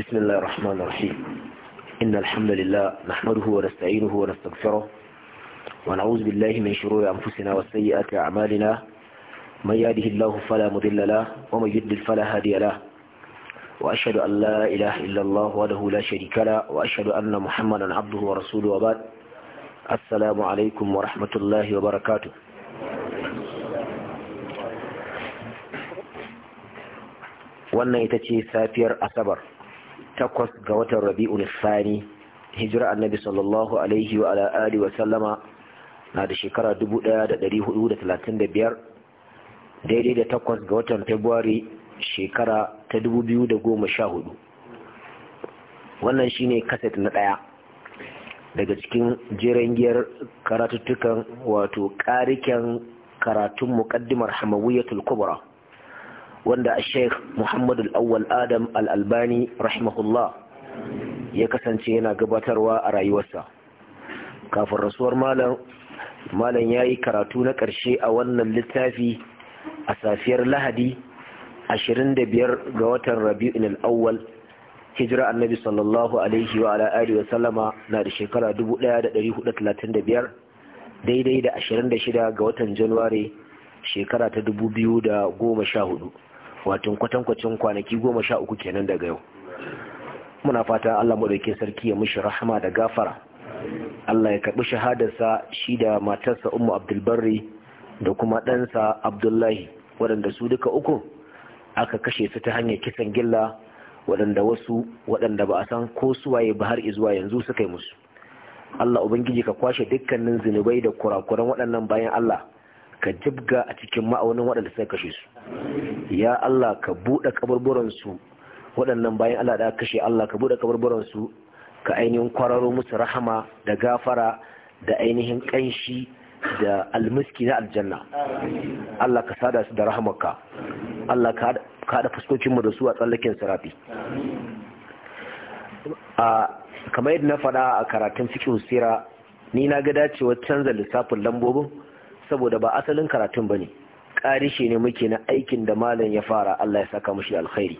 بسم الله الرحمن الرحيم إن الحمد لله نحمده ونستعينه ونستغفره ونعوذ بالله من شرور أنفسنا وسيئات أعمالنا من يهده الله فلا مضل له ومن يضلل فلا هادي له وأشهد أن لا إله إلا الله وله لا شريك له وأشهد أن محمدا عبده ورسوله وبعد السلام عليكم ورحمة الله وبركاته wannan ita ce safiyar asabar takwas ga watan rabi'ul thani hijira annabi sallallahu alaihi wa ala alihi wa sallama na da shekara 1435 daidai da takwas ga watan february shekara ta 2014 wannan shine kaset na daya daga cikin jirangiyar karatuttukan wato karikin karatun muqaddimar hamawiyatul kubra wanda a sheikh muhammadu al'awwal adam al'albani rahimahullah ya kasance yana gabatarwa a rayuwarsa kafin rasuwar malam ya yi karatu na ƙarshe a wannan littafi a safiyar lahadi 25 ga watan rabi'in al'awwal hijira annabi sallallahu alaihi wa ala wa sallama na da shekara 1435 daidai da 26 ga watan januwari shekara ta 2014 wato kwatankwacin kwanaki goma sha uku kenan daga yau muna fata Allah maɗauki sarki ya mishi rahama da gafara Allah ya karɓi shahadarsa shi da matarsa umma Abdulbarri da kuma ɗansa Abdullahi waɗanda su duka uku aka kashe su ta hanyar kisan gilla waɗanda wasu waɗanda ba a san ko suwaye ba har izuwa yanzu suka yi musu Allah Ubangiji ka kwashe dukkanin zunubai da kurakuran waɗannan bayan Allah ka jibga a cikin ma'aunin waɗanda suka kashe su ya Allah ka buɗe kaburburan waɗannan bayan Allah da kashe Allah ka buɗe kaburburan su ka ainihin kwararo musu rahama da gafara da ainihin ƙanshi da almiski na aljanna Allah ka sada su da rahamarka Allah ka haɗa fuskokinmu da su a tsallaken sarafi kamar yadda na faɗa a karatun fikin sira ni na ga dacewar canza lissafin lambobin saboda ba asalin karatun ba ne karishe ne muke na aikin da malam ya fara Allah ya saka mushi alkhairi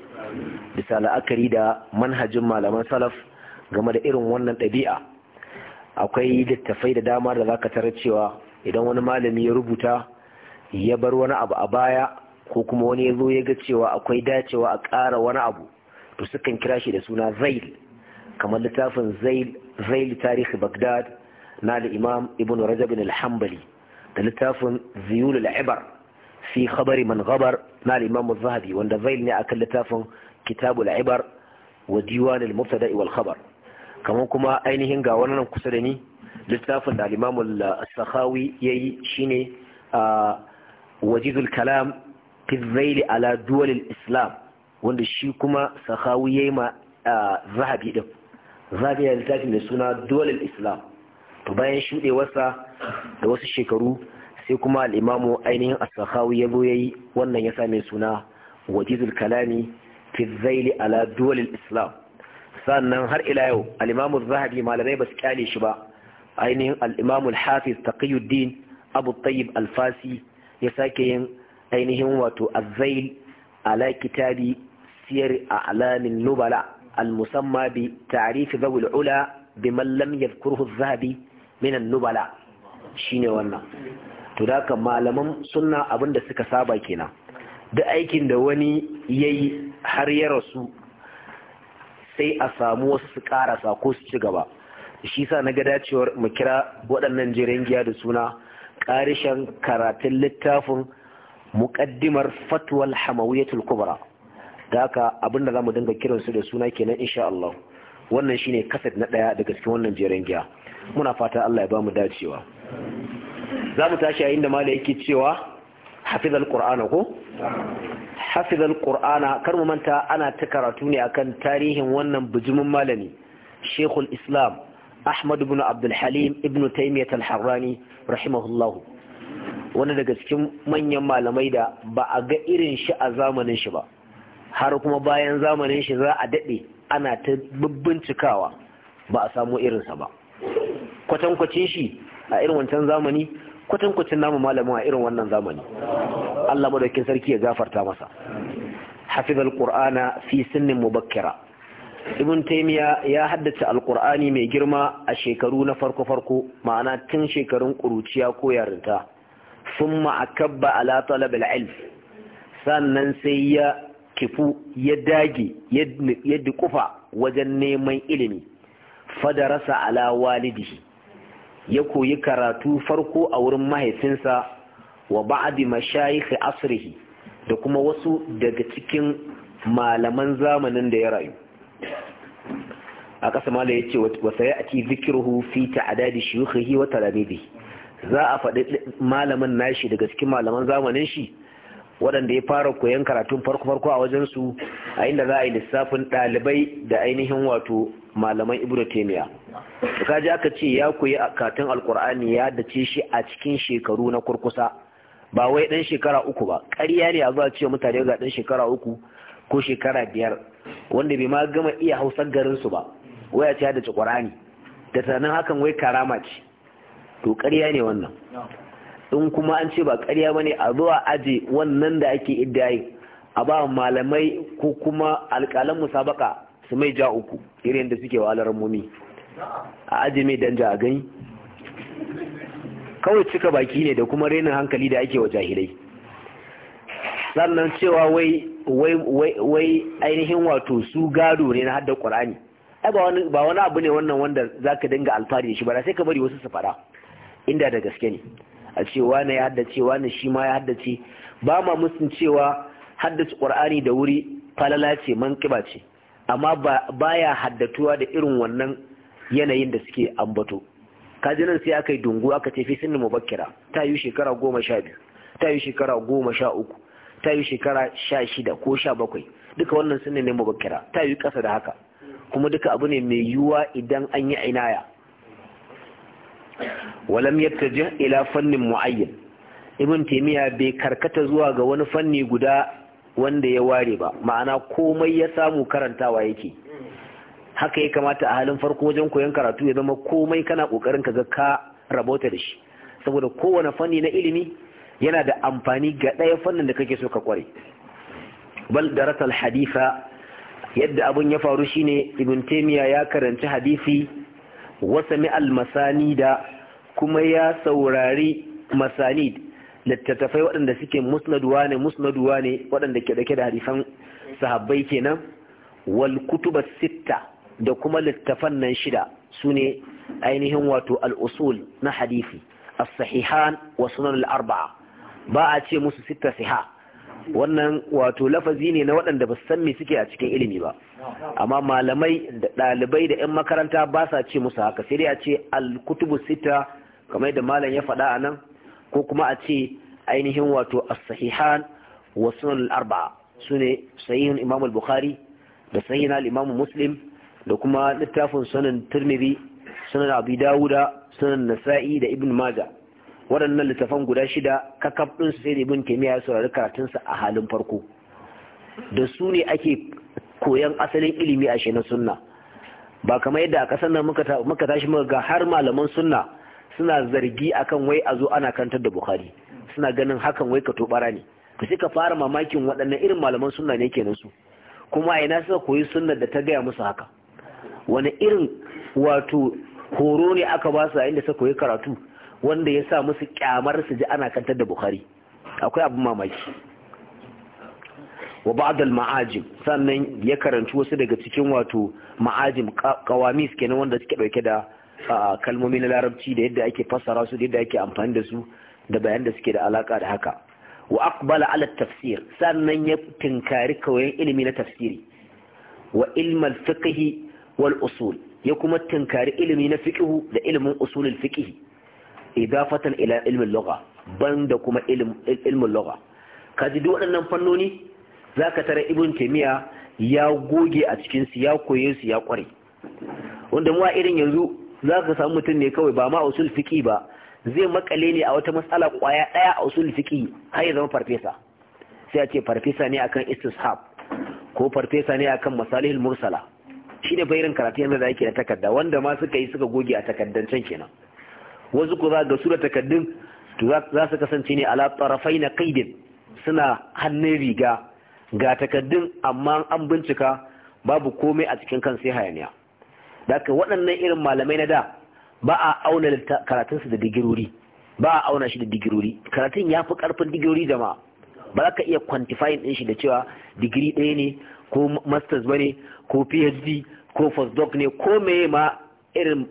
bisa la'akari da manhajin malaman salaf game da irin wannan ɗabi'a akwai littafai da dama da zaka tarar cewa idan wani malami ya rubuta ya bar wani abu a baya ko kuma wani ya zo ya ga cewa akwai dacewa a ƙara wani abu to sukan kira shi da suna zail kamar littafin zail zail tarihi bagdad na da imam ibn rajab al-hanbali da littafin ziyulul ibar fi khabari man ghabar na al-imam az-zahabi wanda zail ne akan littafin kitabul ibar wa diwan al-mubtada wal khabar kaman kuma ainihin ga wannan kusa da ni littafin da al-imam as-sakhawi yayi shine wajidul kalam fi zail ala duwal al-islam wanda shi kuma sakhawi yayi ma zahabi din zahabi ya littafin da suna duwal al-islam to bayan shuɗewarsa da wasu shekaru sai kuma al'imamu ainihin asakawu ya zo yayi wannan ya same suna wajizul kalami fi zaili ala duwalil islam sannan har ila yau al'imamu zahabi malamai ba su kyale shi ba ainihin al'imamu hafiz taqiyuddin abu tayyib alfasi ya sake yin ainihin wato azzail ala kitabi siyar a alamin nubala al-musamma bi ta'rif zawul ula biman lam yadhkuruhu az-zahabi minan nubala shine wannan to da haka malaman sunna abinda suka saba kenan duk aikin da wani yayi har ya rasu sai a samu wasu su karasa ko su ci gaba shi sa na ga dacewar mu kira waɗannan jiran giya da suna ƙarishan karatun littafin muƙaddimar fatwal hamawiyatul kubra da haka abin da za mu dinga kiransu da suna kenan insha Allah wannan shine kaset na ɗaya daga cikin wannan jiran giya muna fata Allah ya ba mu dacewa za mu tashi yayin da mala yake cewa hafizal qur'ana ko hafizal qur'ana kar mu manta ana ta karatu ne akan tarihin wannan bujumin malami shekul islam ahmad ibn abdulhalim halim ibn taymiyyah al-harrani rahimahullahu wani daga cikin manyan malamai da ba a ga irin shi a zamanin shi ba har kuma bayan zamanin shi za a daɗe ana ta bincikawa ba a samu irinsa ba kwatankwacin shi a irin wancan zamani kwatankwacin namu malamin a irin wannan zamani Allah madaukin sarki ya gafarta masa hafizal qur'ana fi sinnin mubakkira ibn taymiya ya haddace alqur'ani mai girma a shekaru na farko farko ma'ana tun shekarun kuruciya ko yarinta thumma akabba ala talab alilm ilm sannan sai ya kifu ya dage ya kufa wajen neman ilimi fadarasa ala walidihi ya koyi karatu farko a wurin mahaifinsa wa ba'adi mashayikh asrihi da kuma wasu daga cikin malaman zamanin da ya rayu a ƙasa mala ya ce wasa ya ake zikirhu fi ta'adadi shiyukhihi wa talamidihi za a faɗi malamin nashi daga cikin malaman zamanin shi waɗanda ya fara koyan karatun farko-farko a wajensu a inda za a yi lissafin ɗalibai da ainihin wato malaman ibro taimiya kaji aka ce ya koyi karatun alkur'ani ya dace shi a cikin shekaru na kurkusa ba wai ɗan shekara uku ba ƙarya ne a zuwa ce mutane ga ɗan shekara uku ko shekara biyar wanda bai ma gama iya hausar garin su ba waya ce ya dace ƙur'ani da hakan wai karama ce to ƙarya ne wannan in kuma an ce ba karya ba ne a zuwa aje wannan da ake iddayi a ba malamai ko kuma alƙalan musabaka su mai ja uku irin da suke wa alarmomi a aje mai danja a gani kawai cika baki ne da kuma renin hankali da ake wa jahilai sannan cewa wai ainihin wato su gado ne na haddar ƙwarani ba wani abu ne wannan wanda za ka dinga alfahari da shi ba sai ka bari wasu su fara inda da gaske ne a ce wane ya haddace wane shi ma ya haddace ba ma musun cewa haddace qur'ani da wuri falala ce manqiba ce amma baya haddatuwa da irin wannan yanayin da suke ambato kaji nan sai aka yi dungu aka ce fi sinni mubakkira ta yi shekara goma sha biyu ta yi shekara goma sha uku ta yi shekara sha shida ko sha bakwai duka wannan sunne ne mubakkira ta yi kasa da haka kuma duka abu ne mai yiwuwa idan an yi ainaya walam yattajih ila fannin muayyan ibn taymiya bai karkata zuwa ga wani fanni guda wanda ya ware ba ma'ana komai ya samu karantawa yake haka ya kamata a halin farko wajen koyon karatu ya zama komai kana kokarin ka ga ka rabota da shi saboda kowane fanni na ilimi yana da amfani ga ɗaya fannin da kake so ka kware bal darasal hadifa yadda abun ya faru shine ibn taymiya ya karanci hadisi wasami al da kuma ya saurari masanid littattafai waɗanda suke musnaduwa ne musnaduwa ne waɗanda ke dake da hadisan sahabbai kenan wal kutuba sitta da kuma littafan nan shida sune ainihin wato al-usul na hadisi as-sahihan wa sunan al-arba'a ba a ce musu sitta siha wannan wato lafazi ne na waɗanda ba san me suke a cikin ilimi ba amma malamai da ɗalibai da 'yan makaranta ba sa ce musu haka sai dai a ce alkutubu sita kamar da malam ya faɗa a nan ko kuma a ce ainihin wato as-sahihan wa sunan al-arba'a sune sahihun imam al-bukhari da sahihun al-imam muslim da kuma littafin sunan tirmidhi sunan abi dawuda sunan nasa'i da ibn majah waɗannan littafan guda shida kakaf ɗin su sai da bin taymiya ya saurari karatunsa a halin farko da su ne ake koyan asalin ilimi a shi na sunna ba kamar yadda a ƙasar nan muka tashi muka ga har malaman sunna suna zargi akan wai a zo ana kantar da bukhari suna ganin hakan wai ka tobara ne ka sai ka fara mamakin waɗannan irin malaman sunna ne kenan su kuma a ina suka koyi sunna da ta gaya musu haka wani irin wato horo ne aka ba su a inda suka koyi karatu wanda ya sa musu kyamar su ji ana kantar da bukari, akwai abin mamaki wa ba'adal ma'ajin maajim sannan ya karanci wasu daga cikin wato ma'ajim qawamis kenan wanda suke dauke da kalmomi na larabci da yadda ake fassara su da yadda ake amfani da su da bayan da suke da alaka da haka wa aqbala ala tafsir sannan ya tinkari kawai ilimi na tafsiri wa ilm al wal usul ya kuma tinkari ilimi na fiqh da ilimin usulul fiqh idafatan ila ilmin lugha banda kuma ilmin lugha kaji duk waɗannan fannoni zaka tara ibn taymiya ya goge a cikin su ya koye su ya kware wanda mu a irin yanzu zaka samu mutum ne kawai ba ma usul fiqi ba zai makale ne a wata matsala kwaya daya a usul fiqi har ya zama farfesa sai a ce farfesa ne akan istishab ko farfesa ne akan masalihul mursala shi ne bayanin karatu yanzu da yake da takarda wanda ma suka yi suka goge a takardan can kenan wasu ku za ga su da takaddun za su kasance ne ala tsarafai na kaidin suna hannun riga ga takaddun amma an bincika babu komai a cikin kan sai hayaniya da waɗannan irin malamai na da ba a auna karatunsu da digirori ba a auna shi da digirori karatun ya fi ƙarfin digirori da ma ba za ka iya kwantifayin ɗin shi da cewa digiri ɗaya ne ko masters ba ne ko phd ko postdoc ne ko meye ma irin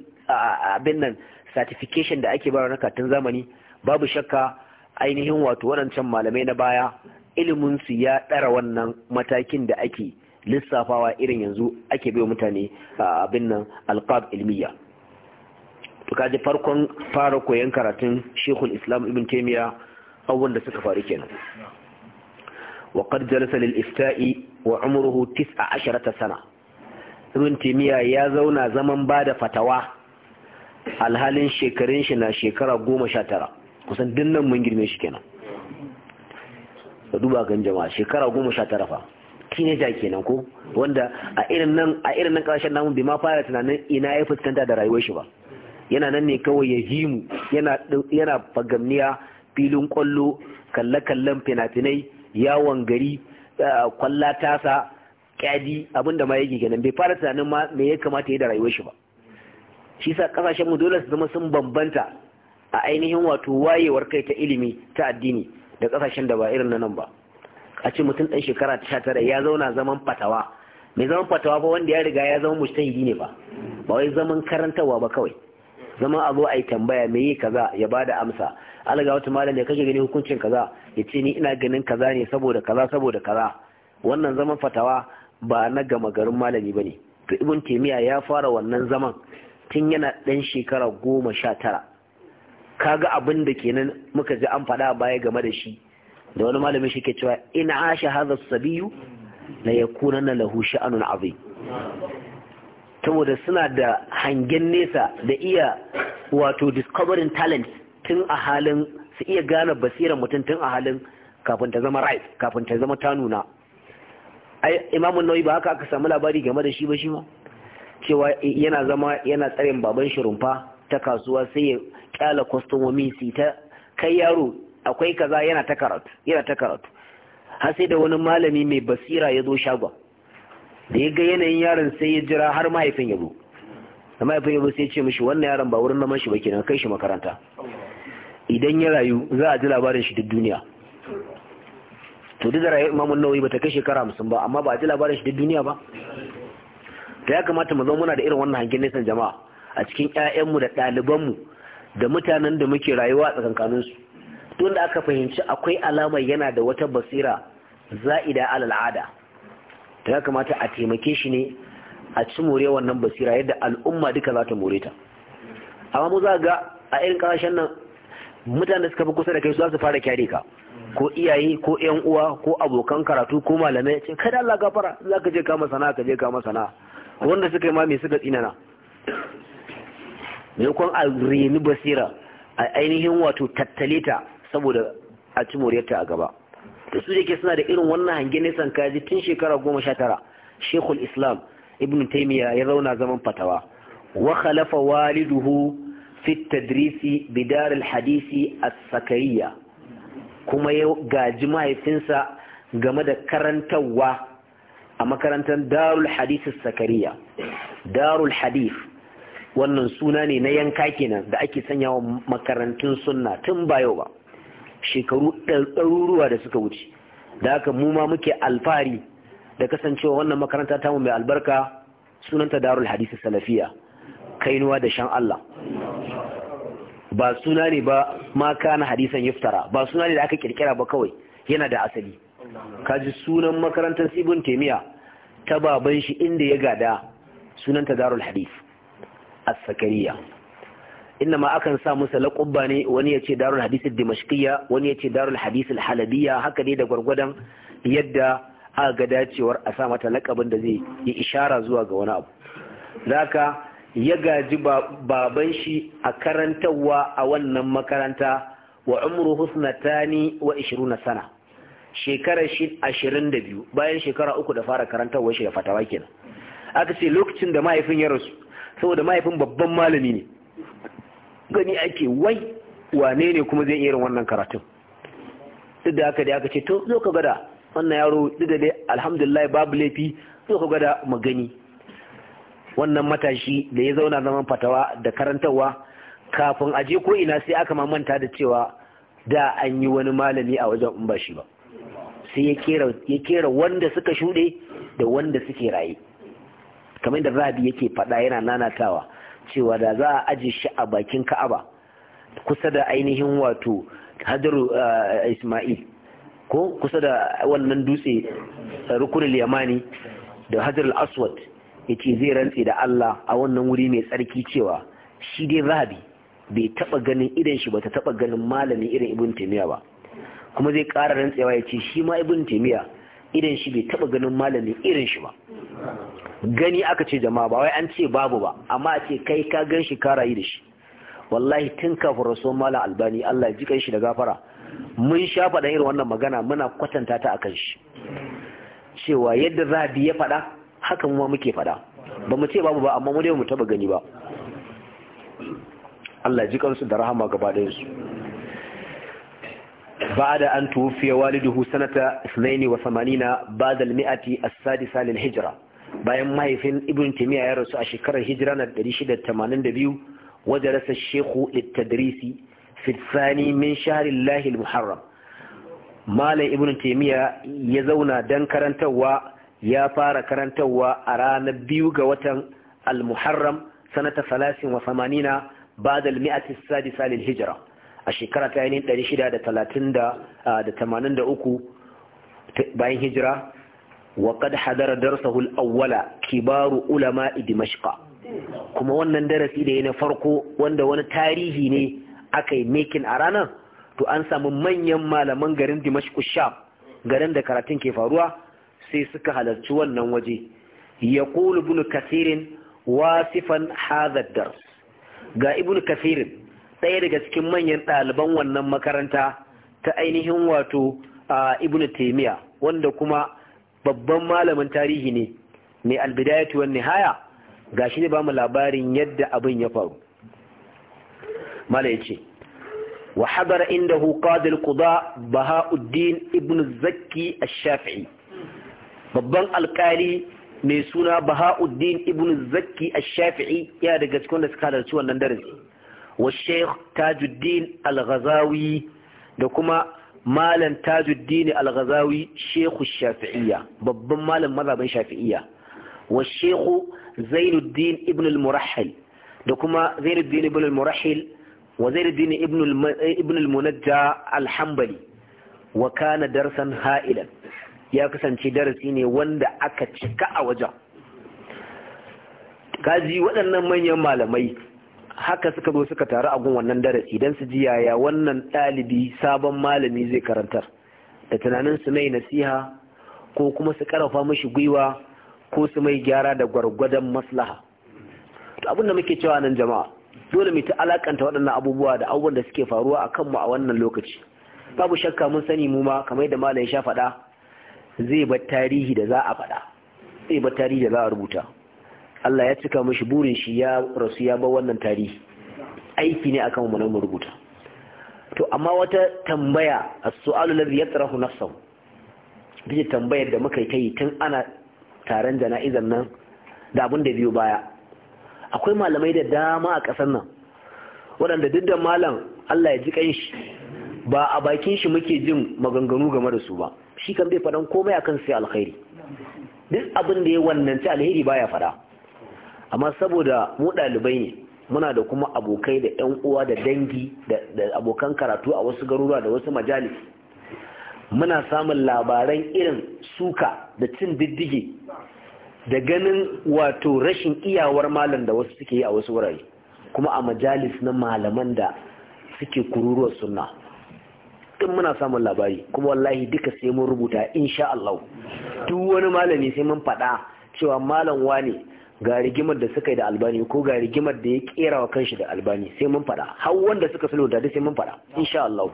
abin nan certification da ake bayar na katin zamani babu shakka ainihin wato waɗancan malamai na baya ilimin su ya ɗara wannan matakin da ake lissafawa irin yanzu ake bai mutane a abin nan alqab ilmiya to kaji farkon fara koyon karatun shekul islam ibn taimiya abubuwan da suka faru kenan wa qad jalasa lil ifta'i wa umruhu 19 sana ibn taimiya ya zauna zaman bada fatawa alhalin shekarun shi na shekara goma sha tara kusan dinnan mun girme shi kenan da duba kan jama'a shekara goma sha tara fa teenager kenan ko wanda a irin nan a irin nan karshen namun bai ma fara tunanin ina ya fuskanta da rayuwar shi ba yana nan ne kawai ya himu yana yana fagamniya filin kwallo kalle-kallen fina-finai yawon gari kwallatasa tasa kyadi abinda ma yake kenan bai fara tunanin ma me ya kamata ya da rayuwar shi ba shi sa kasashen mu dole su zama sun bambanta a ainihin wato wayewar kai ta ilimi ta addini da kasashen da ba irin na nan ba a ce mutum ɗan shekara ta tara ya zauna zaman fatawa mai zaman fatawa fa wanda ya riga ya zama mujtahidi ne ba ba wai zaman karantawa ba kawai zama a zo a yi tambaya me yi kaza ya ba da amsa alaga wata malam ya kashe gani hukuncin kaza ya ce ni ina ganin kaza ne saboda kaza saboda kaza wannan zaman fatawa ba na gama garin malami ba ne to ibn taimiya ya fara wannan zaman tun yana ɗan shekara goma sha tara ka ga abin da kenan muka ji an faɗa baya game da shi da wani malamin shi ke cewa in asha su sabiyu la yakuna na lahu sha'anun azim saboda suna da hangen nesa da iya wato discovering talent tun a halin su iya gane basirar mutum tun a halin kafin ta zama right kafin ta zama ta nuna ai imamun nauyi ba haka aka samu labari game da shi ba shi ma cewa yana zama yana tsarin baban shirumfa ta kasuwa sai ya kyala kwastomomi su ta kai yaro akwai kaza yana ta karatu yana ta karatu har sai da wani malami mai basira ya zo shagon da ya ga yanayin yaron sai ya jira har mahaifin ya zo da mahaifin ya zo sai ya ce mishi wannan yaron ba wurin naman shi ba kenan kai shi makaranta idan ya rayu za a ji labarin shi duk duniya to duk da rayuwar imamun ba ta kai shekara hamsin ba amma ba a ji labarin shi duk duniya ba da ya kamata mu zama muna da irin wannan hangen nesan jama'a a cikin 'ya'yanmu da ɗalibanmu da mutanen da muke rayuwa a tsakankanin su don da aka fahimci akwai alamar yana da wata basira za'ida alal al'ada da ya kamata a taimake shi ne a ci more wannan basira yadda al'umma duka za ta more ta amma mu za ga a irin kasashen nan mutanen da suka fi kusa da kai su za su fara kyare ka ko iyaye ko yan uwa ko abokan karatu ko malamai ce kada Allah gafara za ka je kama sana'a ka je kama sana'a wanda suka yi mamaye suka tsinana mai kwan a reni basira a ainihin wato tattale ta saboda a ci moriyarta a gaba da su yake suna da irin wannan hangen nisan kaji tun shekara goma sha tara shekul islam ibn taimiyya ya zauna zaman fatawa wa khalafa waliduhu fi tadrisi bidar alhadisi as-sakariya kuma ya gaji mahaifinsa game da karantarwa a makarantar darul hadith sakariya darul hadith wannan suna ne na yanka kenan da ake sanya wa makarantun sunna tun ba yau ba shekaru ɗaruruwa da suka wuce da haka mu ma muke alfahari da kasancewa wannan makaranta ta mu mai albarka sunanta darul hadith salafiya kainuwa da shan Allah ba suna ne ba ma kana hadisan yuftara ba suna ne da aka kirkira ba kawai yana da asali kaji sunan makarantar sibin taimiya ta baban shi inda ya gada sunanta darul hadith as-sakariya ma akan sa musa laqabba ne wani yace darul hadith ad wani wani yace darul hadith al haka ne da gwargwadon yadda aka ga dacewar a sa mata lakabin da zai yi ishara zuwa ga wani abu zaka ya gaji baban shi a karantarwa a wannan makaranta wa umru husnatani wa 20 sana shekarar shi ashirin da biyu bayan shekara uku da fara karantarwa shi da fatawa kenan aka ce lokacin da mahaifin ya rasu saboda mahaifin babban malami ne gani ake wai wane ne kuma zai irin wannan karatun duk da aka dai aka ce to zo ka gada wannan yaro duk da dai alhamdulillah babu laifi zo ka gada mu gani wannan matashi da ya zauna zaman fatawa da karantarwa kafin aje ko ina sai aka manta da cewa da an yi wani malami a wajen in ba shi ba sai ya kera wanda suka shuɗe da wanda suke raye kamar da rabi yake faɗa yana nanatawa cewa da za a aje shi a bakin ka'aba kusa da ainihin wato hadaru eh, ismail ko kusa da wannan dutse eh, rukunin yamani da hajarul aswad ya ce zai rantse da allah a wannan wuri mai tsarki cewa shi dai rabi bai taba ganin idan shi ba ta taba ganin malamin irin ibn taimiyya ba kuma zai ƙara rantsewa ya ce shi ma ibn taimiyya idan shi bai taba ganin malamin irin shi ba gani aka ce jama'a ba wai an ce babu ba amma a ce kai ka gan shi ka rayu da shi wallahi tun kafin rasuwan malam albani allah ji kan shi da gafara mun sha faɗa irin wannan magana muna kwatanta ta akan shi cewa yadda za a ya faɗa haka mu ma muke faɗa ba mu ce babu ba amma mu dai mu taɓa gani ba Allah ji kansu da rahama gaba بعد أن توفي والده سنة 82 بعد المئة السادسة للهجرة bayan mahaifin ibn timiya ya rasu a shekarar hijira na 682 wajen rasa shehu littadrisi fitsani min shaharin lahil muharram malam ibn timiya ya zauna don karantarwa ya fara karantarwa a ranar biyu ga watan al-muharram sanata salasin wa samanina ba da mi'atis sadisa lil hijira a shekara ta da 683 bayan hijira wa kad hadara darsahu al-awwala kibaru ulama dimashqa kuma wannan darasi da na farko wanda wani tarihi ne aka yi mekin a ranar to an samu manyan malaman garin dimashqu sha garin da karatun ke faruwa sai suka halarci wannan waje Yaƙulu bunu kasirin wasifan hadar dars ga ibn kasirin ɗaya daga cikin manyan ɗaliban wannan makaranta ta ainihin wato ibn taimiya wanda kuma babban malamin tarihi ne mai albidayatu haya nihaya shi ne ba mu labarin yadda abin ya faru mala yace wa hadara indahu qadi al bahauddin ibn zaki a shafii babban alkali mai suna bahauddin ibn zaki a shafii ya daga cikin da suka halarci wannan darasi wa sheikh tajuddin al-ghazawi da kuma malam tajuddin al-ghazawi sheikhu shafi'iyya babban malam mazhabin shafi'iyya wa sheikhu zainuddin ibn al-murahhil da kuma zainuddin ibn al-murahhil wa zainuddin ibn al-munajja al-hanbali wa kana darsan ha'ilan ya kasance darasi ne wanda aka cika a wajen kaji waɗannan manyan malamai haka suka zo suka taru a gun wannan darasi don su ji yaya wannan ɗalibi sabon malami zai karantar da tunanin su mai nasiha ko kuma su karafa mashi gwiwa ko su mai gyara da gwargwadon maslaha to abin da muke cewa nan jama'a dole mu ta alakanta waɗannan abubuwa da abubuwan da suke faruwa a kanmu a wannan lokaci babu shakka mun sani mu ma kamar yadda malam ya faɗa zai bar tarihi da za a faɗa zai bar tarihi da za a rubuta Allah ya cika mashi burin shi ya rasu ya ba wannan tarihi aiki ne akan wannan rubuta to amma wata tambaya as-su'alu alladhi yatrahu nafsahu bi tambayar da muka yi tun ana taron jana'izar nan da abin da biyo baya akwai malamai da dama a ƙasar nan waɗanda duk da malam Allah ya ji shi, ba a bakin shi muke jin maganganu game da su ba shi kan bai faɗan komai akan sai alkhairi duk abin da ya wannanci alheri baya faɗa amma saboda mu ɗalibai ne muna da kuma abokai da 'yan uwa da dangi da abokan karatu a wasu garuruwa da wasu majalis muna samun labaran irin suka da cin diddige da ganin wato rashin iyawar malam da wasu suke yi a wasu wurare kuma a majalis na malaman da suke kururuwar sunna din muna samun labari kuma wallahi duka sai mun rubuta insha Allah duk wani malami sai mun faɗa cewa malam wane ga rigimar da suka yi da albani ko ga rigimar da ya kera wa kanshi da albani sai mun fada har wanda suka sulhu da sai mun fada insha Allah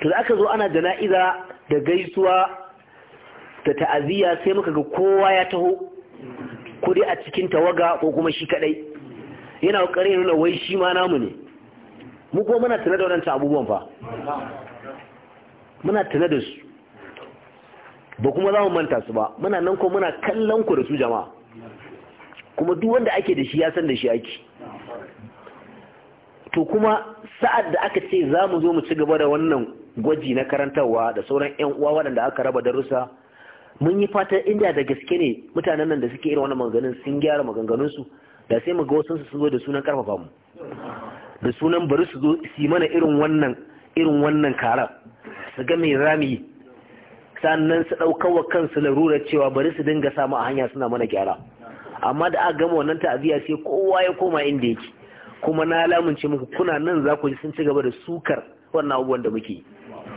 to da aka zo ana jana'iza da gaisuwa da ta'aziyya sai muka ga kowa ya taho ko dai a cikin tawaga ko kuma shi kadai yana kokarin nuna wai shi ma namu ne mu ko muna tare da wadannan abubuwan fa muna tare da su ba kuma za mu manta su ba muna nan ko muna kallon ku da su jama'a kuma duk wanda ake da shi ya san da shi ake to kuma sa'ad da aka ce za mu zo mu ci gaba da wannan gwaji na karantarwa da sauran 'yan uwa waɗanda aka raba darussa mun yi fatan inda da gaske ne mutanen nan da suke irin wannan maganganun sun gyara maganganunsu da sai mu ga wasu su zo da sunan karfafa mu da sunan bari su zo su mana irin wannan irin wannan kara su ga mai rami sannan su ɗaukar wa kansu larurar cewa bari su dinga samu a hanya suna mana gyara amma da aka gama wannan ta'aziyya sai kowa ya koma inda yake kuma na lamunce muku kuna nan za ku ji sun ci gaba da sukar wannan abubuwan da muke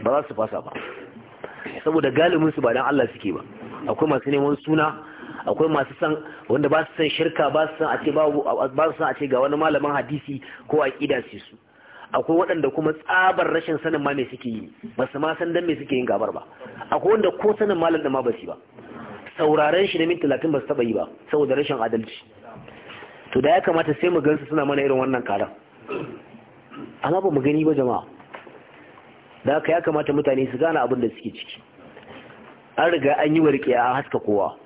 ba za su fasa ba saboda galibin su ba dan Allah suke ba akwai masu neman suna akwai masu san wanda ba su san shirka ba su san a ce ba su san a ce ga wani malamin hadisi ko aqida su su akwai waɗanda kuma tsabar rashin sanin ma me suke yi ba su ma san dan me suke yin gabar ba akwai wanda ko sanin malam da ma ba su ba sauraren shi na minti talatin ba su taɓa yi ba saboda rashin adalci to da ya kamata sai mu gansu suna mana irin wannan kara amma ba mu gani ba jama'a da haka ya kamata mutane su gane abin da suke ciki an riga an yi warke a haska kowa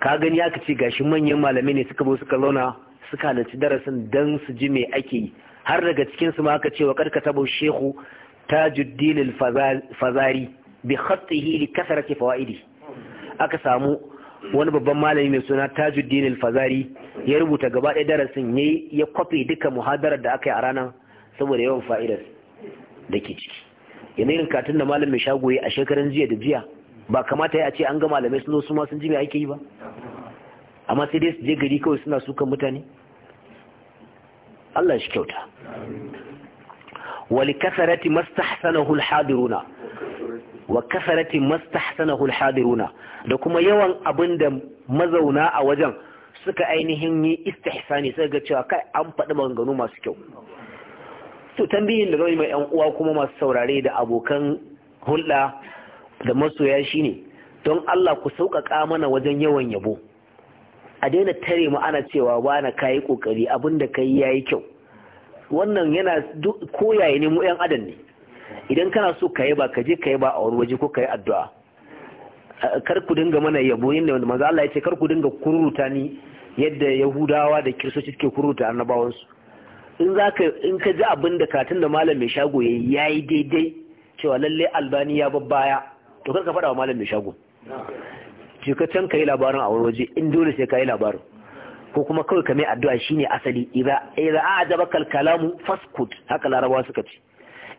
ka gani aka ce gashi manyan malamai ne suka zo suka zauna suka halarci darasin dan su ji me ake yi har daga cikin su ma aka ce wa karka tabo shehu tajuddin al-fazari bi khatihi li kasarati fawaidi aka samu wani babban malami mai suna tajuddin al-fazari ya rubuta gaba ɗaya darasin yayi ya kwafe duka muhadarar da aka yi a ranar saboda yawan fa'idar da ke ciki yanayin katin da malam mai shago a shekarun jiya da jiya ba kamata ya ce an ga malamai sun zo su ma sun ji mai ake yi ba amma sai dai su je gari kawai suna sukan mutane Allah shi kyauta wali kasarati mastahsanahu al-hadiruna wa kasarati mastahsanahu alhadiruna da kuma yawan abin da mazauna a wajen suka ainihin yi istihsani sai ga cewa kai an faɗi maganganu masu kyau to tambayin da zai mai yan uwa kuma masu saurare da abokan hulɗa da masoya shine don Allah ku sauƙaƙa mana wajen yawan yabo a daina tare mu ana cewa na kayi kokari abinda kai yayi kyau wannan yana koyaye ne mu yan adam ne idan kana so ka yaba ka je ka yaba a wani waje ko ka yi addu'a kar ku dinga mana yabo yin da maza Allah ya ce kar ku dinga kururuta ni yadda Yahudawa da Kiristoci suke kururuta annabawansu in ka in ka ji abin da katin da malam mai shago ya yi daidai cewa lalle Albani ya baya, to kar ka faɗa wa malam mai shago ki ka can kai labarin a wani waje in dole sai ka yi labarin ko kuma kawai ka mai addu'a shine asali idza idza a'jabaka al-kalamu faskut haka larabawa suka ce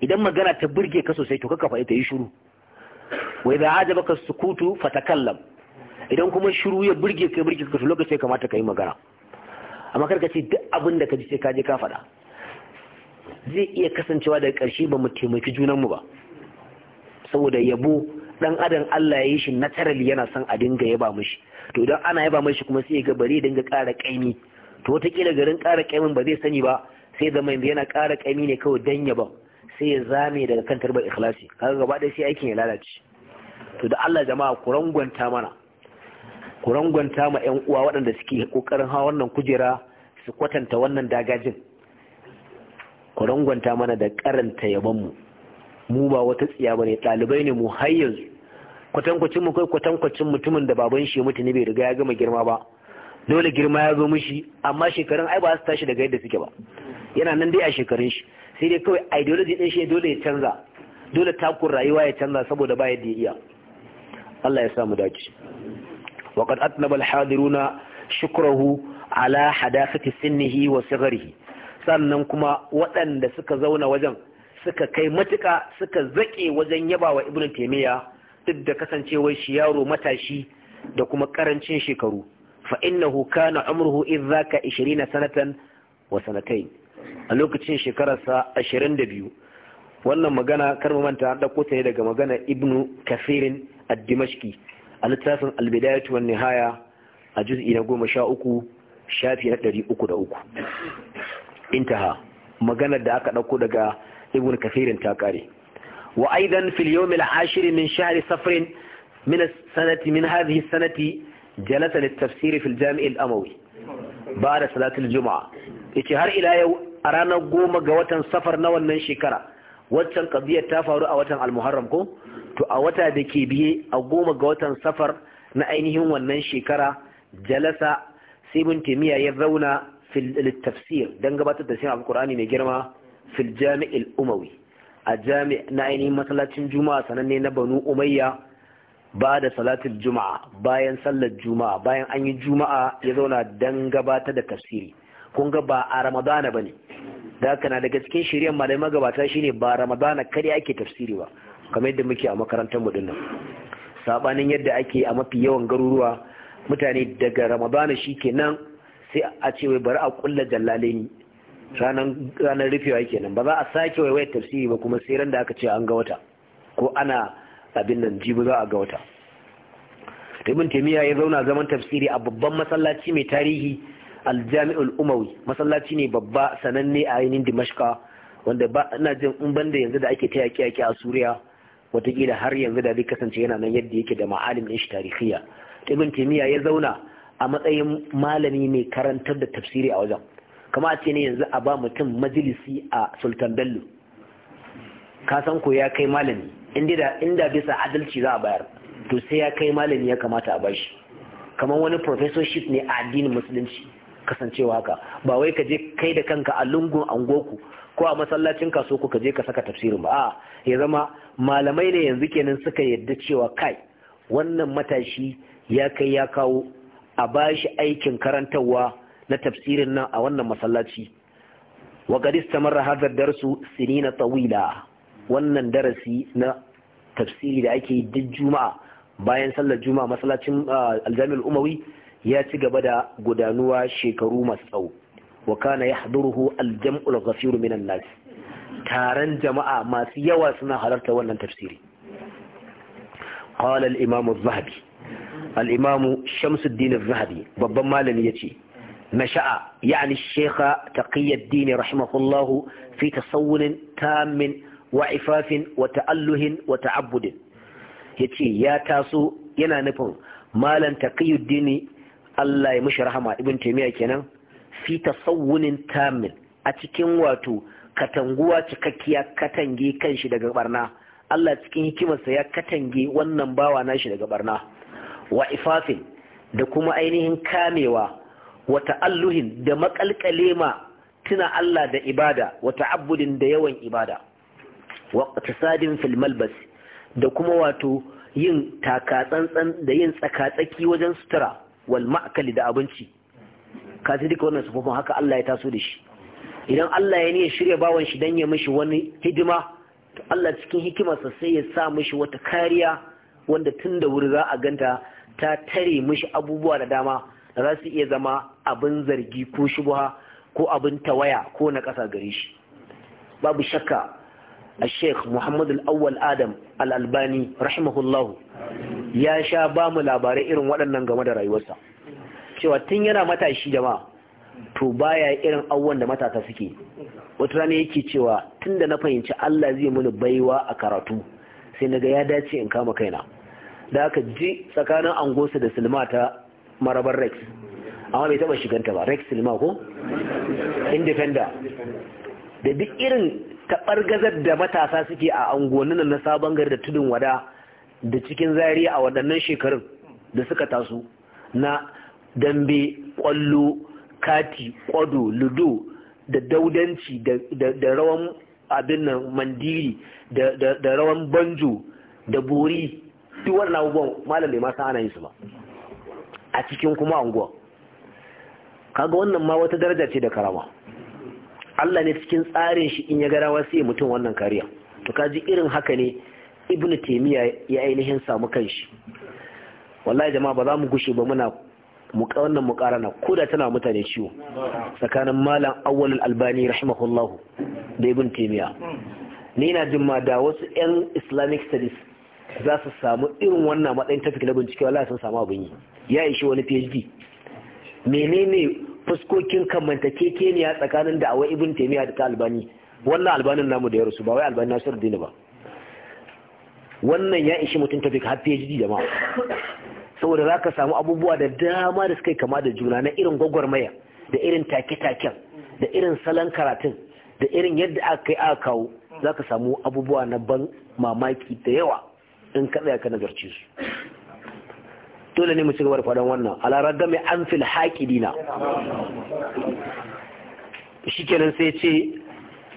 idan magana ta burge ka sosai to kaka fa'ita ta yi shiru wa idza ajabaka sukutu fatakallam idan kuma shiru ya burge ka burge ka to lokacin kamata ka yi magana amma karka ce duk abin da ka ji sai ka je ka faɗa zai iya kasancewa daga ƙarshe ba mu taimaki mu ba saboda yabo dan adam Allah ya yi shi naturally yana son a dinga yaba mishi to idan ana yaba mishi kuma sai ga bari dinga ƙara ƙaimi to wataƙila garin ƙara ƙaimin ba zai sani ba sai zama yana ƙara ƙaimi ne kawai dan yaban sai ya zame daga kan tarbar ikhlasi kaga gaba da shi aikin ya lalace to da Allah jama'a ku rangwanta mana ku rangwanta ma ƴan uwa waɗanda suke kokarin hawa wannan kujera su kwatanta wannan dagajin ku rangwanta mana da karanta yaban mu mu ba wata tsiya bane ɗalibai ne mu har yanzu kwatankwacin mu kai kwatankwacin mutumin da baban shi mutu ne bai riga ya gama girma ba dole girma ya zo mishi amma shekarun ai ba su tashi daga yadda suke ba yana nan dai a shekarun shi sai dai kawai ideology din shi dole ya canza dole takun rayuwa ya canza saboda ba yadda ya iya Allah ya samu dace wa qad atnaba al-hadiruna shukrahu ala hadafati sinnihi wa sigharihi sannan kuma waɗanda suka zauna wajen suka kai matuka suka zake wajen yabawa ibnu taymiya duk da kasancewar shi yaro matashi da kuma karancin shekaru fa innahu kana umruhu idh zaka 20 sanatan wa sanatayn a lokacin shekararsa ashirin da biyu wannan magana kar manta an ɗauko ta ne daga magana ibnu kafirin ad a littafin al-bidayatu wan nihaya a juz'i na goma sha uku shafi na ɗari uku da uku intaha maganar da aka ɗauko daga ibnu kafirin ta kare wa aidan fil yawm ashir min shahr safrin min sanati min hadhihi sanati jalasa lit-tafsir fi al-jami' al-amawi yace har ila yau a ranar goma ga watan safar na wannan shekara waccan kabiyar ta faru a watan almuharram ko to a wata da ke biye a goma ga watan safar na ainihin wannan shekara jalasa sai ibn timiya ya zauna fil tafsir dan gabatar da sai alkur'ani mai girma fil jami'il umawi a jami' na ainihin masallacin juma'a sananne na banu umayya ba da salatul juma'a bayan sallar juma'a bayan an yi juma'a ya zauna dan gabatar da tafsiri kun ga ba a ramadana ba ne da haka na daga cikin shirin malai magabata shine ba ramadana kare ake tafsiri ba kamar yadda muke a makarantar mu nan, sabanin yadda ake a mafi yawan garuruwa mutane daga ramadana shikenan sai a ce wai bari a kulla jallaleni ranar rufewa kenan ba za a sake waiwayar tafsiri ba kuma sai ran da aka ce an ga wata ko ana abin nan jibi za a ga wata ibn taymiya ya zauna zaman tafsiri a babban masallaci mai tarihi aljami'ul umawi masallaci ne babba sananne a ainihin dimashka wanda ba ina jin in banda yanzu da ake ta yaƙi a suriya Wataƙila har yanzu da zai kasance yana nan yadda yake da ma'alim ɗin shi tarihiya ibn timiya ya zauna a matsayin malami mai karantar da tafsiri a wajen kama a ce ne yanzu a ba mutum majalisi a sultan bello ka san ko ya kai malami inda inda bisa adalci za a bayar to sai ya kai malami ya kamata a bashi kamar wani professorship ne a addinin musulunci kasancewa haka ba wai ka je kai da kanka a lungun angoku ko a masallacin kaso ku ka je ka saka tafsirin ba A'a ya zama malamai ne yanzu kenan suka yarda cewa kai wannan matashi ya kai ya kawo a bashi aikin karantarwa na tafsirin nan a wannan masallaci wa qad istamarra hadha darsu sinina tawila wannan darasi na tafsiri da ake yi duk juma'a bayan sallar juma'a masallacin ah, aljami'ul umawi ya ci gaba da gudanuwa shekaru masu tsawo wa kana aljam'ul ghafiru minan nas taron jama'a masu yawa suna halarta wannan tafsiri qala al zahabi al-imam shamsuddin zahabi babban malami yace nasha'a yani shaykh taqiyyuddin rahimahullah fi tasawwun tam wa ifaf wa ta'alluh wa ta'abbud yace ya taso yana nufin malam taqiyyuddin Allah ya mishi rahama ibn taymiya kenan fi tasawunin tamil a cikin wato katanguwa cikakkiya katange kanshi daga barna Allah cikin hikimarsa ya katange wannan bawa nashi daga barna wa ifafin da kuma ainihin kamewa wa ta'alluhin da ma tuna Allah da ibada wa ta'abbudin da yawan ibada wa tasadin fil malbas da kuma wato yin takatsantsan da yin tsakatsaki wajen sutura wal ma'akali da abinci ka ji duka wannan sufofin haka Allah ya taso da shi idan Allah ya niyyar shirya bawan shi dan ya mishi wani hidima to Allah cikin hikimarsa sai ya sa mishi wata kariya wanda tun da wuri za a ganta ta tare mishi abubuwa da dama da za su iya zama abin zargi ko shubuha ko abin tawaya ko na ƙasa gare shi babu shakka الشيخ محمد الأول آدم الألباني ya sha bamu labarai irin waɗannan game da rayuwarsa cewa tun yana matashi da ma to baya irin awon da matasa suke wata rana yake cewa tunda na fahimci Allah zai mini baiwa a karatu sai naga ya dace in kama kaina da aka je tsakanin angosa da silma ta marabar rex amma bai taba shiganta ba rex silma ko indifenda da duk irin taɓargazar da matasa suke a angonin na sabon gari da tudun wada da cikin zariya a waɗannan shekarun da suka taso na dambe ƙwallo kati ƙwado ludo da daudanci da rawan abin nan mandiri da rawan banjo da bori duk wannan abubuwan malam ma masa ana yin su ba a cikin kuma anguwa kaga wannan ma wata daraja ce da karama Allah ne cikin tsarin shi in ya ga wasu sai mutum wannan kariya to kaji irin haka ne ibn taymiya ya ainihin samu kanshi wallahi jama'a ba za mu gushe ba muna muka wannan mukarana ko da tana mutane ciwo tsakanin malam awwal albani rahimahullah da ibn taymiya ne ina jin ma da wasu yan islamic studies za su samu irin wannan matsayin tafi na bincike wallahi sun samu abin yi ya ishi wani phd menene fuskokin ne tsakanin da awai ibn taimiyya da ta albani wannan albanin namu da ya rasu ba wai albani nasiru dini ba wannan ya ishi mutum tafi har ji jama'a saboda za ka samu abubuwa da dama da suka yi kama da juna na irin gwagwarmaya da irin take-taken da irin salon karatun da irin yadda aka yi aka kawo za ka samu abubuwa na ban mamaki da yawa in ka tsaya ka nazarci su dole ne mu ci gaba da faɗan wannan alaraga game an fil dina shi kenan sai ce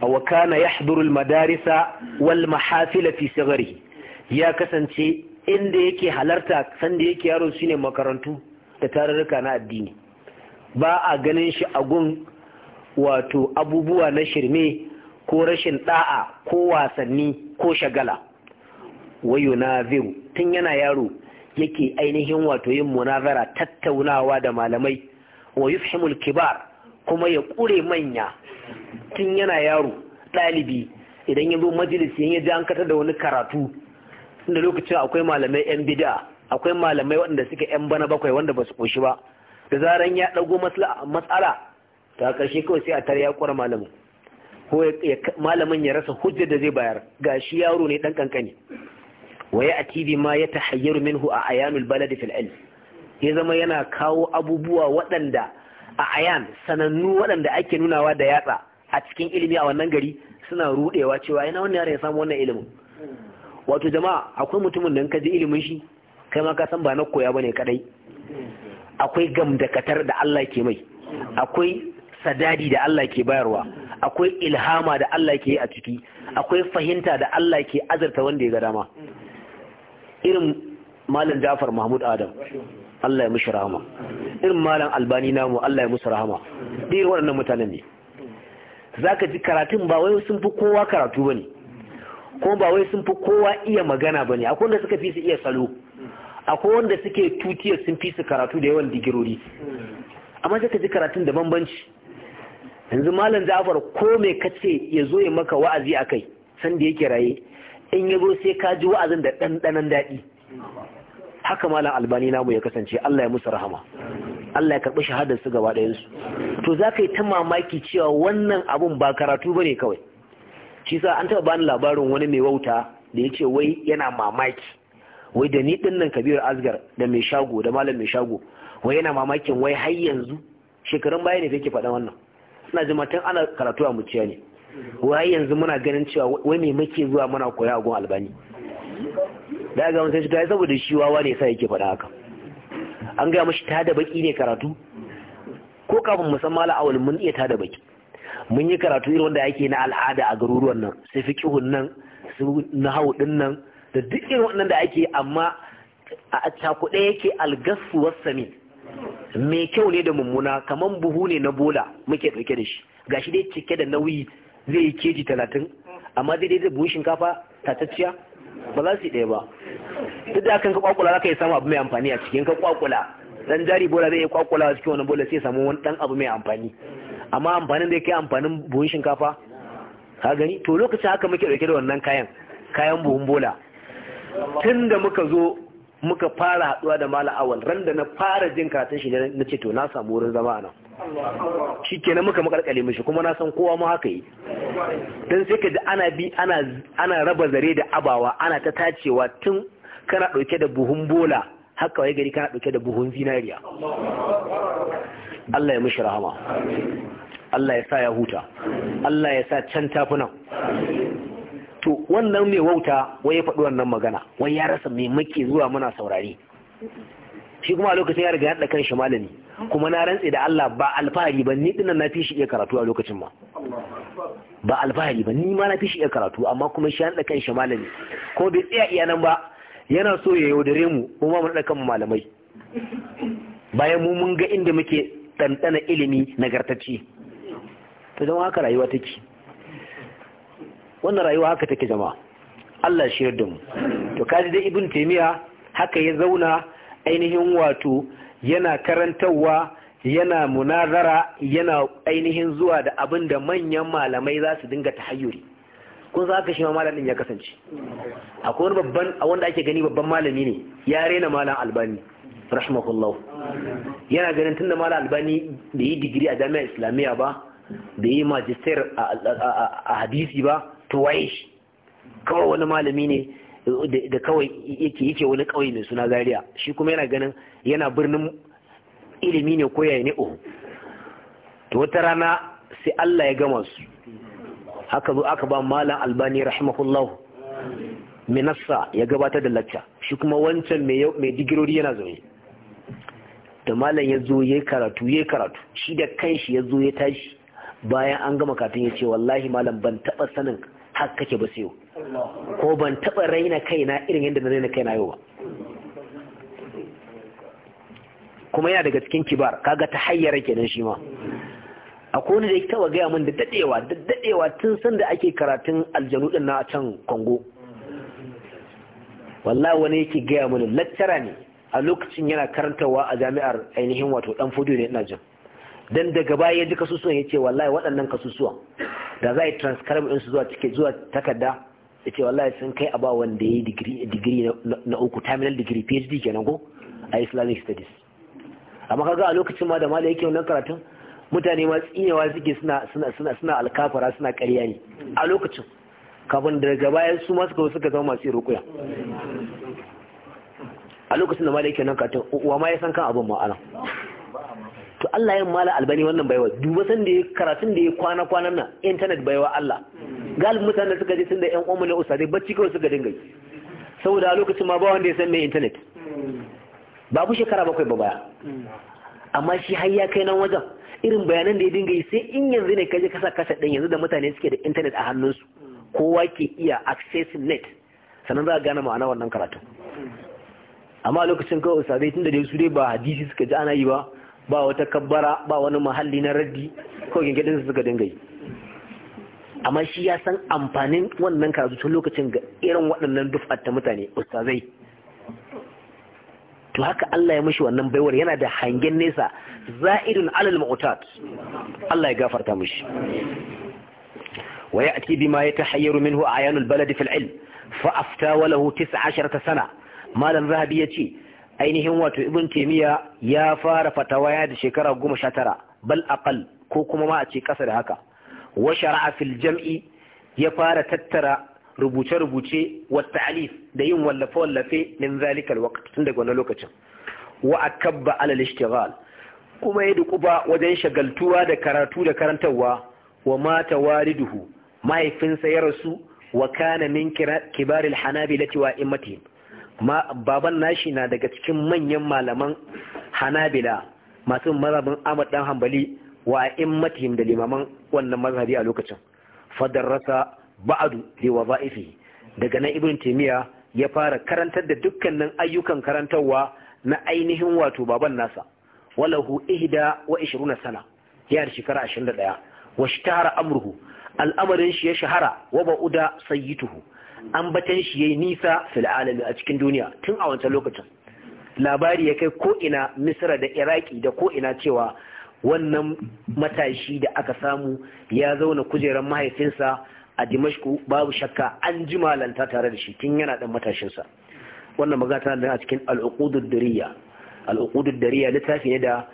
a wakana ya hadurul madarisa wal mahafila fi sigari ya kasance inda yake halarta sanda yake yaro shine makarantu da tarurruka na addini ba a ganin shi a gun wato abubuwa na shirme ko rashin da'a ko wasanni ko shagala wayo na tun yana yaro yake ainihin wato yin munazara tattaunawa da malamai wa yufhimul kibar kuma ya kure manya tun yana yaro ɗalibi idan ya zo majalisi ya ji an kata da wani karatu tunda lokacin akwai malamai yan bid'a akwai malamai waɗanda suke yan bana bakwai wanda ba su koshi ba da zaran ya ɗago matsala ta ƙarshe kawai sai a tare ya kura malamin ko malamin ya rasa hujjar da zai bayar gashi yaro ne ɗan kankani wa a TV ma ya tahayyaru minhu a ayanul baladi fil ilm ya zama yana kawo abubuwa waɗanda a ayan sanannu waɗanda ake nunawa da yatsa a cikin ilimi a wannan gari suna rudewa cewa yana wannan yare ya samu wannan ilimin wato jama'a akwai mutumin da ka ji ilimin shi kai ma ka san ba na koya bane kadai akwai gamdakatar da Allah ke mai akwai sadadi da Allah ke bayarwa akwai ilhama da Allah ke a ciki akwai fahimta da Allah ke azurta wanda ya ga dama irin malam Jafar Mahmud Adam Allah ya mishi rahama irin malam Albani namu Allah ya musu rahama ɗin waɗannan mutanen ne Za ka ji karatun ba wai sun fi kowa karatu bane ko ba wai sun fi kowa iya magana bane akwai wanda suka fi su iya salo akwai wanda suke tutiya sun fi su karatu da yawan digirori amma ka ji karatun da bambanci yanzu malam Jafar ko mai kace ya zo ya maka wa'azi a kai, sanda yake raye in ya zo sai ka ji wa'azin da ɗanɗanan daɗi haka malam albani namu ya kasance Allah ya musu rahama Allah ya karɓi shahadar su gaba ɗayansu to za ka yi ta mamaki cewa wannan abun ba karatu ba ne kawai shi sa an taɓa bani labarin wani mai wauta da ya ce wai yana mamaki wai da ni ɗinnan kabiru asgar da mai shago da malam mai shago wai yana mamakin wai har yanzu shekarun baya ne ke faɗa wannan ina jima tun ana karatu a muciya ne wai yanzu muna ganin cewa wai me muke zuwa muna koya a gun albani da ga wani sai saboda shi wawa ne sai yake faɗa haka an gaya mashi tada baki ne karatu ko kafin musamman la'awal mun iya tada baki mun yi karatu irin wanda ake na al'ada a garuruwan nan sai fiqhun nan su nahawu din nan da duk irin wannan da ake amma a cakuɗe yake algasu wasami mai kyau ne da mummuna kaman buhu ne na bola muke ɗauke da shi gashi dai cike da nauyi zai yi keji talatin amma dai dai buhun shinkafa tatacciya ba za su yi ɗaya ba duk da kan ka kwakula za ka yi samu abu mai amfani a cikin ka kwakula dan jari bola zai yi kwakula a cikin wani bola sai samu wani dan abu mai amfani amma amfanin zai kai amfanin buhun shinkafa ka gani to lokacin haka muke dauke da wannan kayan kayan buhun bola tun da muka zo muka fara haduwa da mala awal ran da na fara jin karatun shi na ce to na samu wurin zama a nan shi kenan muka makalkale mishi kuma na san kowa ma haka yi don sai ka ana bi ana raba zare da abawa ana ta tacewa tun kana ɗauke da buhun bola haka kawai gari kana ɗauke da buhun zinariya Allah ya mishi rahama Allah ya sa ya huta Allah ya sa can tafunan to wannan mai wauta wai ya faɗi wannan magana wai ya rasa mai maki zuwa muna saurari shi kuma a lokacin ya riga ya kan shi malami kuma na rantse da Allah ba alfahari ba ni dinnan na fi shi iya karatu a lokacin ma ba alfahari ba ni ma na fi shi iya karatu amma kuma shi ya haɗa kan shi malami ko bai tsaya iya ba yana so ya yaudare mu kuma mu kan malamai bayan mu mun ga inda muke ɗanɗana ilimi nagartacce to don haka rayuwa take wannan rayuwa haka take jama'a Allah shi yarda mu to kaji dai ibn taymiya haka ya zauna ainihin wato yana karantarwa yana munazara yana ainihin zuwa da abin da manyan malamai za su dinga tahayyuri kun za ka shi malamin ya kasance akwai wani babban a wanda ake gani babban malami ne ya rena malam albani rahimahullah yana ganin tunda malam albani da yi digiri a jami'ar islamiyya ba da yi majistar a hadisi ba to waye shi kawai wani malami ne da kawai yake yake wani kauye mai suna zaria shi kuma yana ganin yana birnin ilimi ne ko yayi ne uhu to wata rana sai Allah ya gama su haka zo aka ba malam albani rahimahullahu minassa ya gabatar da lacca shi kuma wancan mai digirori yana zaune da malam ya zo ya karatu ya karatu shi da kanshi ya zo ya tashi bayan an gama katin ya ce wallahi malam ban taba sanin har kake ba sai ko ban taɓa raina kaina irin yadda na raina kaina yau ba kuma yana daga cikin kibar kaga ta hayyara kenan shi ma akwai wani da ya taɓa gaya min da daɗewa da daɗewa tun san da ake karatun aljanu ɗin na can Kongo wallahi wani yake gaya mani lattara ne a lokacin yana karantawa a jami'ar ainihin wato dan fudu ne ina jin dan daga baya ya ji kasusuwan ya ce wallahi waɗannan kasusuwan da za a yi transcribe ɗinsu zuwa cike zuwa takarda ya ce wallahi sun kai a ba wanda ya yi digiri na uku terminal digiri phd kenan ko a islamic studies amma kaga a lokacin ma da da yake wannan karatun mutane ma tsinewa suke suna suna suna alkafara suna ƙarya ne a lokacin kafin daga bayan su ma suka suka zama masu rukuya a lokacin da da yake wannan karatun wa ma ya san kan abin ma'ana to Allah ya mala albani wannan baiwa duba san da karatun da ya kwana kwanan nan internet baiwa Allah galibin mutane suka je sun da yan umma ne usade bacci kawai suka dinga yi saboda a lokacin ma ba wanda ya san mai internet babu shekara bakwai ba baya amma shi har ya kai nan wajen irin bayanan da ya dinga yi sai in yanzu ne kaje kasa kasa din yanzu da mutane suke da internet a hannunsu kowa ke iya access net sannan za a gane ma'ana wannan karatun amma lokacin kawai usade tun da dai su dai ba hadisi suka ji ana yi ba ba wata kabbara ba wani mahalli na raddi ko gingirin su suka dinga yi amma shi ya san amfanin wannan karatu tun lokacin ga irin waɗannan duf'at mutane ustazai to haka Allah ya mishi wannan baiwar yana da hangen nesa za'idun alal mu'tat Allah ya gafarta mishi waya ya'ti bima yatahayyaru minhu ayanul balad fil ilm fa afta wa lahu 19 sana malam zahabi yace ainihin wato ibn taimiyya ya fara fatawa ya da shekara goma sha tara bal aqal ko kuma ma a ce kasa da haka wa shara'a fil jam'i ya fara tattara rubuce-rubuce wa ta'alif da yin wallafe-wallafe min zalika alwaqt tun daga wannan lokacin wa akabba ala al kuma ya dukuba wajen shagaltuwa da karatu da karantarwa wa mata waliduhu mahaifinsa ya rasu wa kana min kibaril hanabilati wa immatihim baban nashi na daga cikin manyan malaman hanabila masu mazhabin ahmad dan hanbali wa immatihim da limaman wannan mazhabi a lokacin fadarrasa ba'adu li waza'ifi daga nan ibn taymiya ya fara karantar da dukkanin ayyukan karantarwa na ainihin wato baban nasa walahu ihda wa 20 sana ya da shekara 21 wa shtara amruhu al'amarin shi ya shahara wa ba'uda sayyituhu An ambatan shi yayi nisa fil alami a cikin duniya tun a wancan lokacin labari ya kai ko ina misra da iraki da ko ina cewa wannan matashi da aka samu ya zauna kujerar mahaifinsa a dimashku babu shakka an ji malanta tare da shi tun yana dan matashinsa wannan magana tana a cikin al'uqudud dariya al'uqudud dariya littafi ne da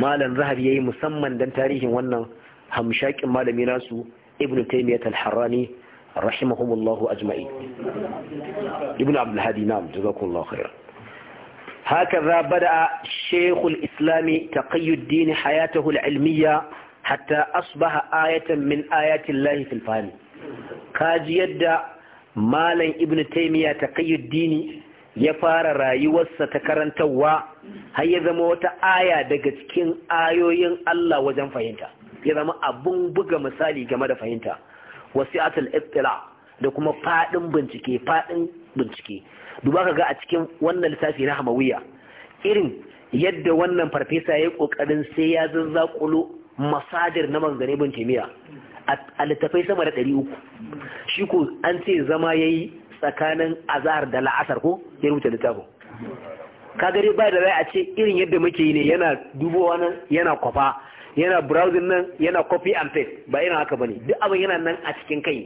malam zahabi yayi musamman dan tarihin wannan hamshakin malami nasu ibnu taymiyyah al-harrani rahimahumullahu ajma'i ibn abdul hadi na'am jazakumullahu khairan هكذا بدأ شيخ الإسلام تقي الدين حياته العلمية حتى أصبح آية من آيات الله في الفهم كاجي يدى مالا ابن تيمية تقي الدين يفار رايوس تكرن توا هيا زموت آية دقت كين آيوين الله وزن فهمتا يا زما أبون بقى مسالي كما فهمتا wasi'atul ibtila da kuma fadin bincike fadin bincike duba ga a cikin wannan lissafi na hamawiya irin yadda wannan farfesa ya yi kokarin sai ya zazzakulo masadir na manzane bin timiya a littafai sama da ɗari uku shi ko an ce zama ya yi tsakanin azahar da la'asar ko ya rubuta littafin ka gari ba da rai a ce irin yadda muke yi ne yana dubowa nan yana kwafa yana browsing nan yana copy and paste ba yana haka bane duk abin yana nan a cikin kai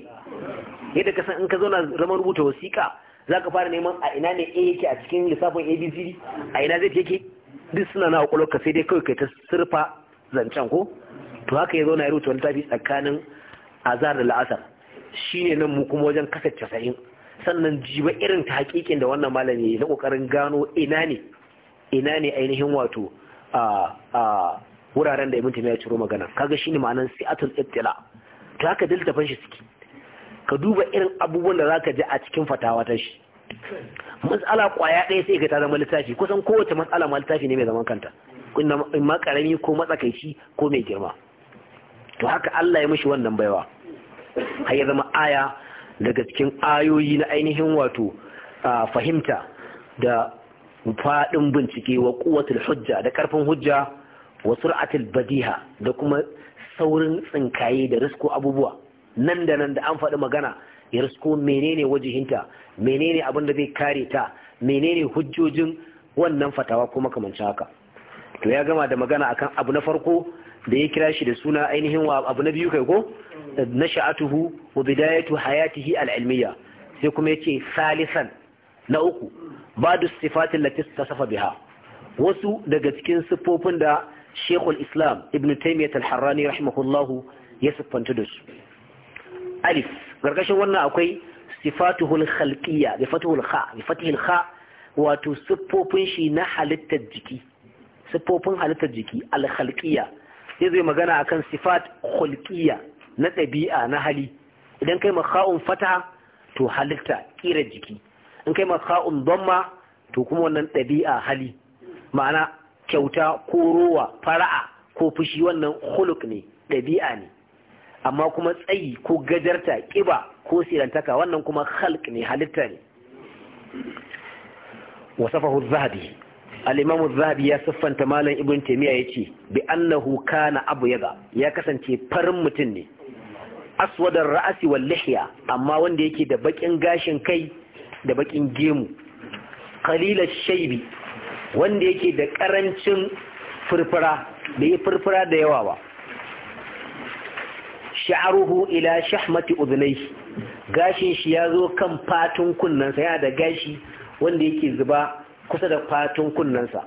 yadda ka san in ka zauna zaman rubuta wasiƙa za ka fara neman a ina ne A yake a cikin lissafin ABCD a ina zai yake duk suna na kwakwalwar ka sai dai kawai kai ta surfa zancen ko to haka ya zauna ya rubuta wani tafi tsakanin azar da la'asar shine nan mu kuma wajen kasance casa'in sannan jiba irin ta hakikin da wannan malami na kokarin gano ina ne ina ne ainihin wato a wuraren da ibn taymiya ya ciro magana kaga shine ma'anar si'atul ibtila ta haka diltafan shi suke ka duba irin abubuwan da zaka ji a cikin fatawa ta shi matsala kwaya ɗaya sai ka ta zama littafi kusan kowace matsala ma littafi ne mai zaman kanta in ma karami ko matsakaici ko mai girma to haka Allah ya mishi wannan baiwa har ya zama aya daga cikin ayoyi na ainihin wato fahimta da faɗin bincike wa kuwatul hujja da ƙarfin hujja wa sur'atul badiha da kuma saurin tsinkaye da risko abubuwa nan da nan da an faɗi magana ya risko menene wajihinta menene abin da zai kare ta menene hujjojin wannan fatawa ko makamancin haka to ya gama da magana akan abu na farko da ya kira shi da suna ainihin wa abu na biyu kai ko na sha'atuhu wa bidayatu hayatihi al-ilmiya sai kuma yace salisan na uku badu sifatin lati tasafa biha wasu daga cikin siffofin da shekul islam ibn taimiyyat al-harrani rahimahullahu ya siffanta da su alif gargashin wannan akwai sifatuhul khalqiyya bi kha kha wato siffofin shi na halittar jiki siffofin halittar jiki al khalqiyya zai magana akan sifat khulqiyya na ɗabi'a na hali idan kai makha'un fataha to halitta kira jiki in kai makha'un dhamma to kuma wannan ɗabi'a hali ma'ana kyauta ko rowa fara'a ko fushi wannan huluk ne ɗabi'a ne amma kuma tsayi ko gajarta ƙiba ko sirantaka wannan kuma halk ne halitta ne wasafahu zahabi Alimamu zahabi ya siffanta malam ibn taymiya yace bi annahu kana abu yaga ya kasance farin mutum ne aswadar ra'asi wal lihya amma wanda yake da bakin gashin kai da bakin gemu qalilash shaybi wanda yake da ƙarancin furfura da yi furfura da yawa ba sha'aruhu ila shahmati uzunai gashin shi ya zo kan fatun kunnansa yana da gashi wanda yake zuba kusa da fatun kunnansa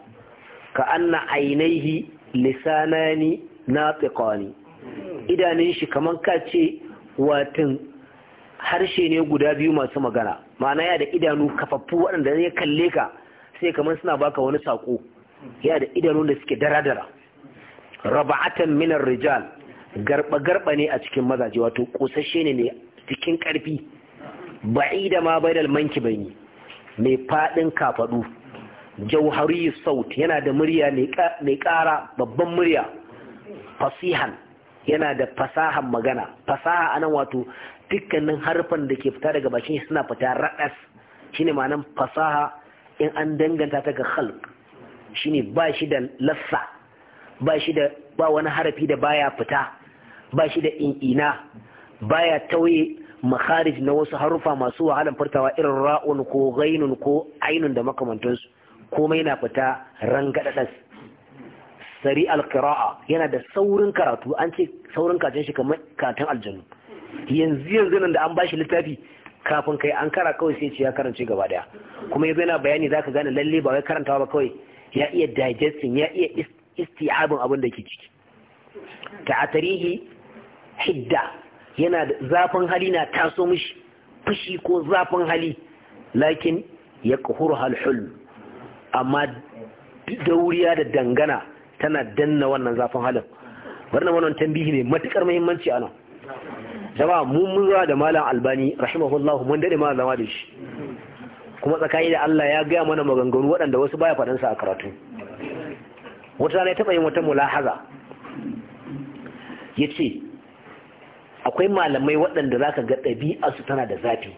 ka anna ainihi lisanani na tsikoni idanun shi kamar ka ce watan harshe ne guda biyu masu magana ma'ana ya da idanu kafaffu waɗanda zai kalle ka sai kamar suna baka wani sako yana da idanu da suke dara-dara raba'atan minar rijal garba-garba ne a cikin mazaje wato kosashe ne ne cikin karfi ba'i da ma baidal manki ne. mai fadin kafadu jauhari saut yana da murya mai kara babban murya fasihan yana da fasahan magana fasaha anan wato dukkanin harfan da ke fita daga bakin suna fita raɗas shine ma'anan fasaha in an danganta ta ga khalq shine ba shi da lassa ba shi da ba wani harafi da baya fita ba shi da in'ina baya tauye makharij na wasu harufa masu wahalar fartawa irin ra'un ko ghainun ko ainun da makamantansu komai na fita rangadadas sari alqira'a yana da saurin karatu an ce saurin kacin shi kamar katon aljannu yanzu yanzu nan da an bashi littafi kafin kai an kara kawai sai ce ya karance gaba daya kuma yanzu yana bayani zaka gane lalle ba wai karantawa ba kawai ya iya digesting ya iya isti'abin abin da ke ciki ta a tarihi hidda yana da zafin hali na taso mishi fushi ko zafin hali lakin ya kuhuru halhul amma dauriya da dangana tana danna wannan zafin halin wannan wannan tambihi ne matukar muhimmanci a nan jama'a mu mun zuwa da malam albani rahimahullahu mun dade ma zama da shi kuma tsakani da Allah ya gaya mana maganganu waɗanda wasu baya faɗin sa a karatu wata rana ya taɓa yin wata mulahaza ce akwai malamai waɗanda zaka ga ɗabi'a su tana da zafi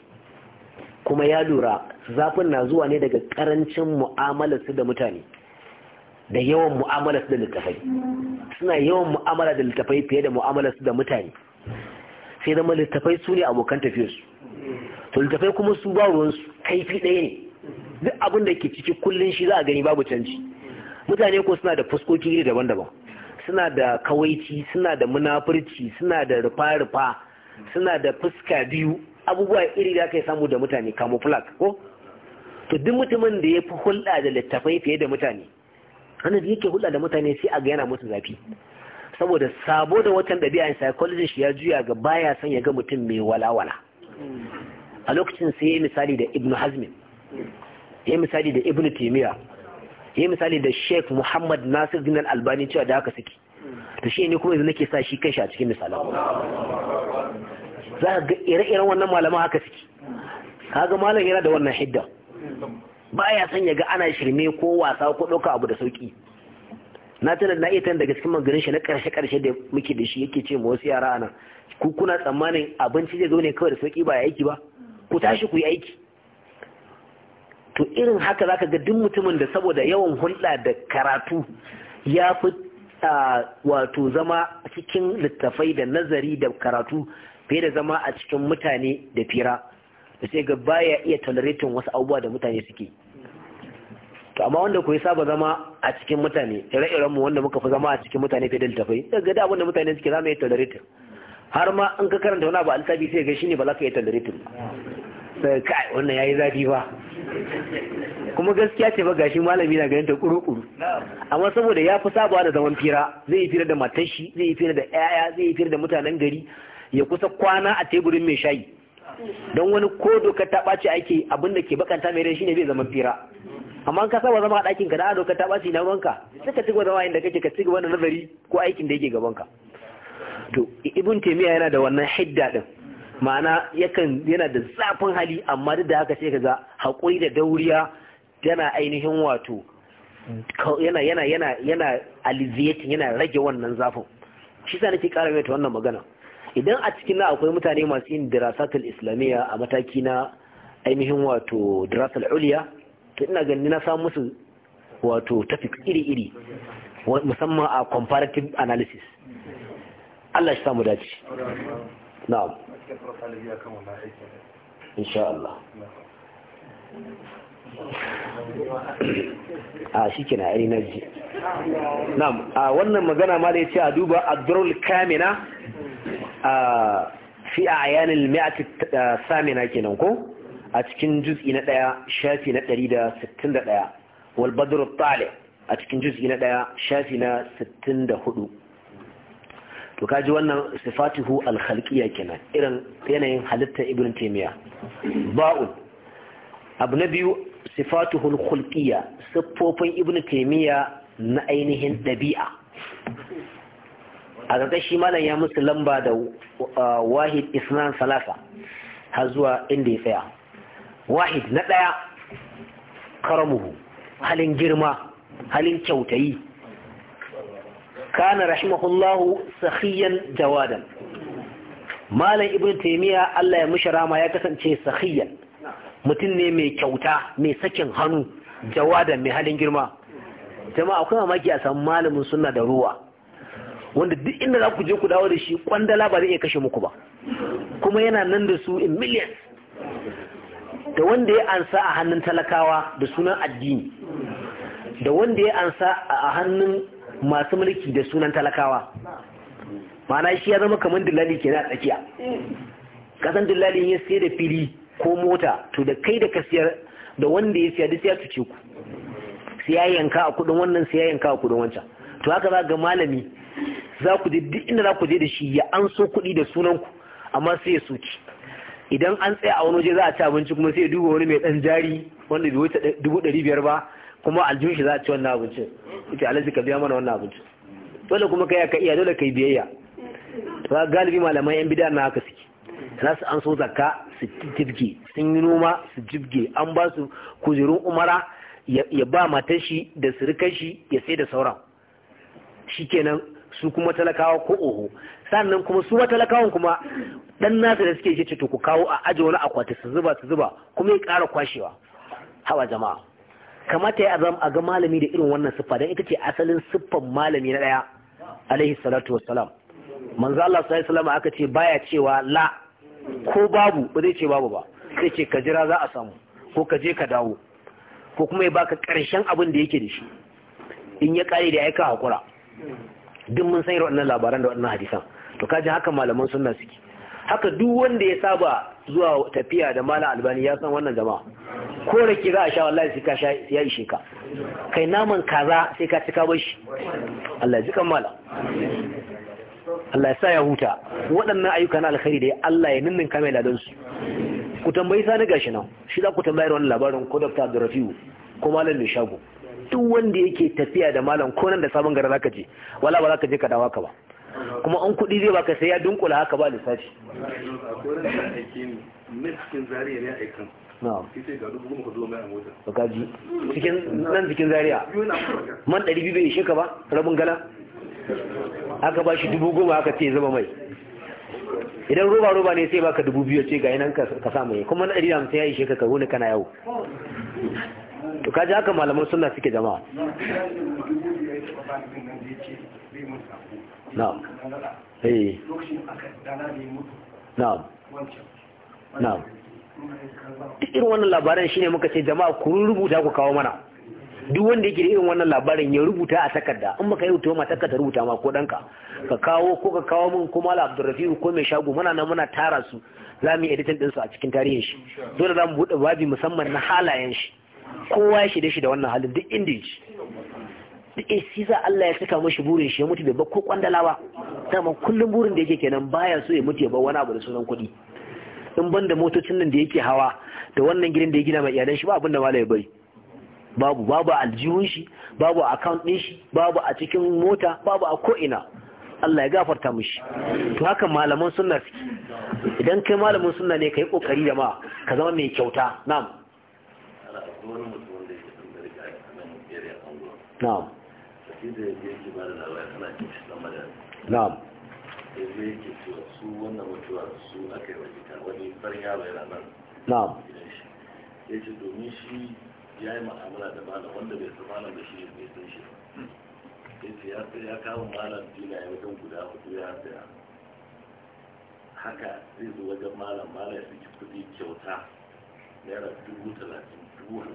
kuma ya lura zafin na zuwa ne daga ƙarancin mu'amalar su da mutane da yawan mu'amalar su da littafai suna yawan mu'amala da littafai fiye da mu'amalar da mutane sai zama littafai su ne abokan tafiyarsu to littafai kuma su ba ruwansu kaifi ɗaya ne duk abin da ke ciki kullum shi za a gani babu canji mutane ko suna da fuskoki iri daban-daban suna da kawaici suna da munafurci suna da rufa-rufa suna da fuska biyu abubuwa iri da aka yi samu da mutane camouflage ko to duk mutumin da ya fi hulɗa da littafai fiye da mutane hannun da yake hulɗa da mutane sai a ga yana musu zafi saboda sabo da watan ɗabi'a psychology shi ya juya ga baya son ya ga mutum mai walawala a lokacin sai ya misali da ibnu hazmin ya yi misali da ibnu Timiya, ya yi misali da sheikh muhammad nasir dinar albani cewa da haka suke ta shi ne kuma yanzu nake sa shi kanshi a cikin misalan za ga ire-iren wannan malaman haka suke ga malam yana da wannan hidda ya son ya ga ana shirme ko wasa ko ɗauka abu da sauki na tana na iya daga cikin maganin shi na karshe karshe da muke da shi yake ce ma wasu yara ana ku kuna tsammanin abinci zai zo ne kawai da sauki ba ya aiki ba ku tashi ku yi aiki to irin haka zaka ga duk mutumin da saboda yawan hulɗa da karatu ya fi wato zama cikin littafai da nazari da karatu fiye da zama a cikin mutane da fira da sai ga baya iya tolerating wasu abubuwa da mutane suke to amma wanda ku saba zama a cikin mutane ire-iren mu wanda muka fi zama a cikin mutane fiye da littafai daga da wanda mutane suke zama ya tolerate har ma in ka karanta wani abu sai ga shine ba za ka yi tolerating sai kai wannan yayi zafi ba kuma gaskiya ce ba gashi malami na ganin ta kuru-kuru amma saboda ya fi sabawa da zaman fira zai yi fira da matashi zai yi fira da 'ya'ya zai yi fira da mutanen gari ya kusa kwana a teburin mai shayi don wani ko doka ta ɓaci aiki abin ke bakanta mai rai shine zai zama fira amma ka saba zama a ɗakin ka da ah, doka ta ɓaci na ruwanka sai ka cigaba zama inda kake ka cigaba da nazari ko aikin da yake gaban ka to ibn taymiya yana da wannan hidda din ma'ana yakan yana da zafin hali amma duk da haka sai ka ga hakuri da dauriya yana ainihin wato yana yana yana yana yana rage wannan zafin shi sa nake ƙara mai wannan magana idan a cikin na akwai mutane masu yin dirasatul islamiyya a mataki na ainihin wato dirasatul uliya to ina ganin na samu musu wato tafik iri-iri musamman a comparative analysis Allah shi samu dace na'am insha Allah a ah, shi kina yari na ji na'am a ah, wannan magana ma da ya ce a duba adrul kamina fi a ayanin mi'ati samina kenan ko a cikin juz'i na ɗaya shafi na 161 wal badr a cikin juz'i na ɗaya shafi na 64 to kaji wannan sifatuhu alhalkiya khalqiyya kenan irin yanayin halittar ibn taymiya ba'ul abu na biyu sifatuhu al siffofin ibn taymiya na ainihin dabi'a a zata shi malam ya musu lamba da uh, wahid isnan salasa har zuwa inda ya tsaya wahid na ɗaya karamuhu halin girma halin kyautayi kana rahimahullahu sahiyan jawadan malam ibn taimiyya Allah ya mishi rama ya kasance sahiyan mutum ne mai kyauta mai sakin hannu jawadan mai halin girma jama'a kuma mamaki a samu malamin suna da ruwa wanda duk inda za ku je ku dawo da shi kwandala ba zai iya kashe muku ba kuma yana nan da su in millions da wanda ya ansa a hannun talakawa da sunan addini da wanda ya ansa a hannun masu mulki da sunan talakawa ma'ana shi ya zama kamar dillali ke na tsakiya kasan dillalin ya sai da fili ko mota to da kai da ka siyar da wanda ya siya duk ya tuce ku sai ya yanka a kudin wannan sai ya yanka a kudin wancan to haka za ga malami za ku je duk inda za ku je da shi ya an so kuɗi da sunan ku amma sai ya soki idan an tsaya a wani waje za a ci abinci kuma sai ya duba wani mai dan jari wanda bai wuce dubu ɗari biyar ba kuma aljihun shi za a ci wannan abincin ita alaji ka biya mana wannan abincin dole kuma kai ka iya dole kai biyayya to ga galibi malaman yan bidan na haka suke za su an so zakka su jibge sun yi noma su jibge an ba su kujerun umara ya ba matashi da surukar shi ya sai da sauran shikenan su kuma talakawa ko oho sannan kuma su matalakawan kuma dan nasa da suke ce to ku kawo a aje wani akwati su zuba su zuba kuma ya ƙara kwashewa hawa jama'a kamata ya azam a ga malami da irin wannan siffa dan ita ce asalin siffan malami na daya alaihi salatu wassalam manzo Allah sallallahu alaihi wasallam aka ce baya cewa la ko babu ba zai ce babu ba sai ce ka jira za a samu ko ka je ka dawo ko kuma ya baka karshen abin da yake da shi in ya kare da ya aika hakura duk mun san irin wannan labaran da wannan hadisan to kaji haka malaman sunna suke haka duk wanda ya saba zuwa tafiya da mala albani ya san wannan jama'a ko rake za a sha wallahi sai ka sha ya ishe ka kai naman kaza sai ka ci ka bar shi Allah ya ji mala Allah ya sa ya huta waɗannan ayyukan na alkhairi da Allah ya ninnin kame ladan su ku tambayi sani gashi nan shi za ku tambayar wannan labarin ko Dr. Abdurrafiu ko Malam Shago. duk wanda yake tafiya da malam ko nan da sabon gara zaka je wala ba zaka je ka dawo ka ba kuma an kuɗi zai baka sai ya dunkula haka ba lissafi cikin nan cikin zaria man ɗari biyu bai ishe ka ba rabin gala aka ba shi dubu goma aka ce zama mai idan roba roba ne sai baka dubu biyu ce ga yanan ka samu kuma na ɗari hamsin ya ishe ka ka kana yau to kaji haka malaman suna suke jama'a na'am eh na'am na'am irin wannan shi shine muka ce jama'a ku rubuta ku kawo mana duk wanda yake da irin wannan labarin ya rubuta a takarda in baka yi ma takarda rubuta ma ko danka ka kawo ko ka kawo min ko mala abdurrafiu ko mai shago muna na muna tara su za mu yi editin din su a cikin tarihin shi dole za mu buɗe babi musamman na halayen shi kowa ya shirye shi da wannan halin duk inda yake duk eh shi za Allah ya saka mashi burin shi ya mutu bai ba ko kwandala ba dama kullum burin da yake kenan baya so ya mutu ya bar wani abu da sunan kuɗi in ban da motocin nan da yake hawa da wannan gidan da ya gina mai iyalan shi ba abin da malai bari babu babu aljihun shi babu account din shi babu a cikin mota babu a ko ina Allah ya gafarta mishi to haka malaman sunna idan kai malamin sunna ne kai kokari da ma ka zama mai kyauta na'am nasara wani mutum da a nan area anguwa na'am ya je ki da labari ana cin shi sama na'am ya yi wani yaro domin shi ya yi ma'amala da malam wanda bai san malam da shi bai sun shi ya ya kawo malam dina ya wajen guda hudu ya haka zai zo wajen malam malam ya fi kuɗi kyauta naira dubu talatin buwa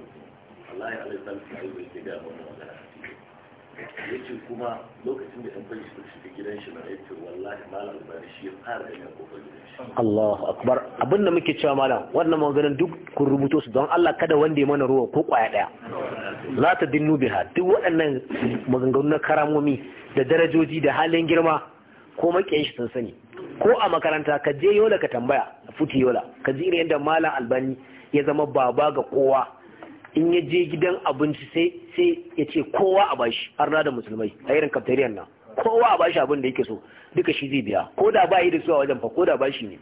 Allahu akbar abin muke cewa malam wannan duk kun rubuto su don Allah kada wanda ya mana ruwa ko kwaya daya la ta dinnu biha duk waɗannan maganganu na karamomi da darajoji da halin girma ko makiyan shi sun sani ko a makaranta ka je yola ka tambaya futi yola ka ji irin yadda malam albani ya zama baba ga kowa in ya je gidan abinci sai sai ya ce kowa a bashi na da musulmai a irin kaftariyar nan kowa a bashi abin da yake so duka shi zai biya ko da ba yi da su wajen fa ko da bashi ne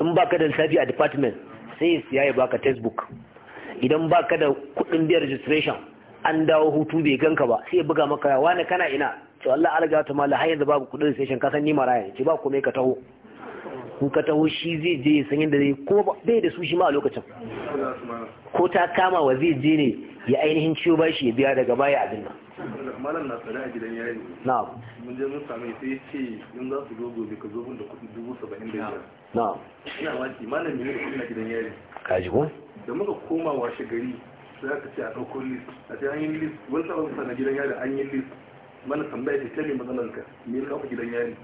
in ba ka da lissafi a department sai ya siya ya baka textbook idan ba ka da kuɗin biyan registration an dawo hutu bai ganka ba sai ya buga maka wani kana ina to Allah alga ta mala har yanzu babu kuɗin registration ka san ni maraya ce ba komai ka taho in ka taho zai je ya san yadda zai ko bai da su shi ma a lokacin ko ta kama wa zai je ne ya ainihin ciwo bashi ya biya daga baya a gidan ya ce in a ɗauko list a ce an yi mana tambaya ce matsalarka me ya gidan yari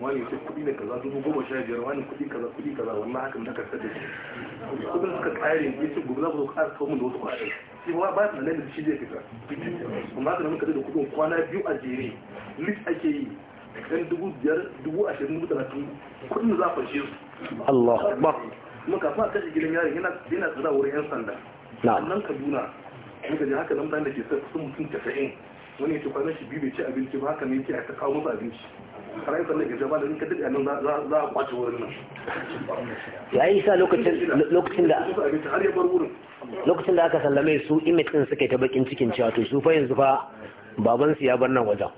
wani ce kudi da kaza dubu goma sha biyar wani kudi kaza kudi kaza wani haka da karta da shi kuɗin suka ƙare ya ce gobe za ku zo ƙara kawo mun da wasu kuɗi shi ba ba tunanin da shi zai fita kuma haka da muka da kudin kwana biyu a jere lit ake yi ɗan dubu biyar dubu ashirin dubu talatin kuɗin za a fashe su Allah ba. kuma kafin a kashe gidan yaron yana yana tsada wurin 'yan sanda Nan Kaduna muka je haka nan da ke sun mutum casa'in wani ya ce kwanan shi biyu bai ci abinci ba haka ne ke a kawo musu abinci har yi sannan gajaba da ka duk nan za a kwace wurin nan ya yi sa lokacin da lokacin da aka sallame su imitin din suka yi ta bakin cikin cewa to su fa yanzu fa babansu ya bar nan wajen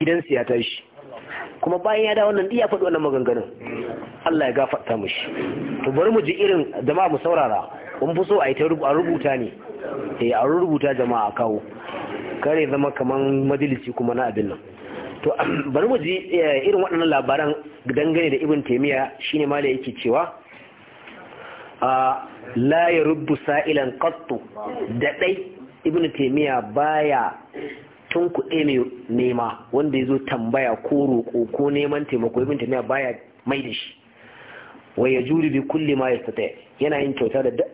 gidansu ya tashi kuma bayan ya dawo nan iya faɗi wannan maganganun Allah ya gafarta mushi to bari mu ji irin jama'a mu saurara mun fi so a yi ta rubuta ne eh a rubuta jama'a kawo kare zama kaman majalisi kuma na abin nan to bari mu ji eh, irin waɗannan labaran dangane da ibn taymiya shine ma da yake cewa la yarubbu sa'ilan qattu da dai ibn taymiya baya tun kuɗe mai nema wanda ya zo tambaya ko roƙo ko neman taimako ibn taymiya baya mai da shi wa ya juri bi kulli ma yastata yana yin kyauta da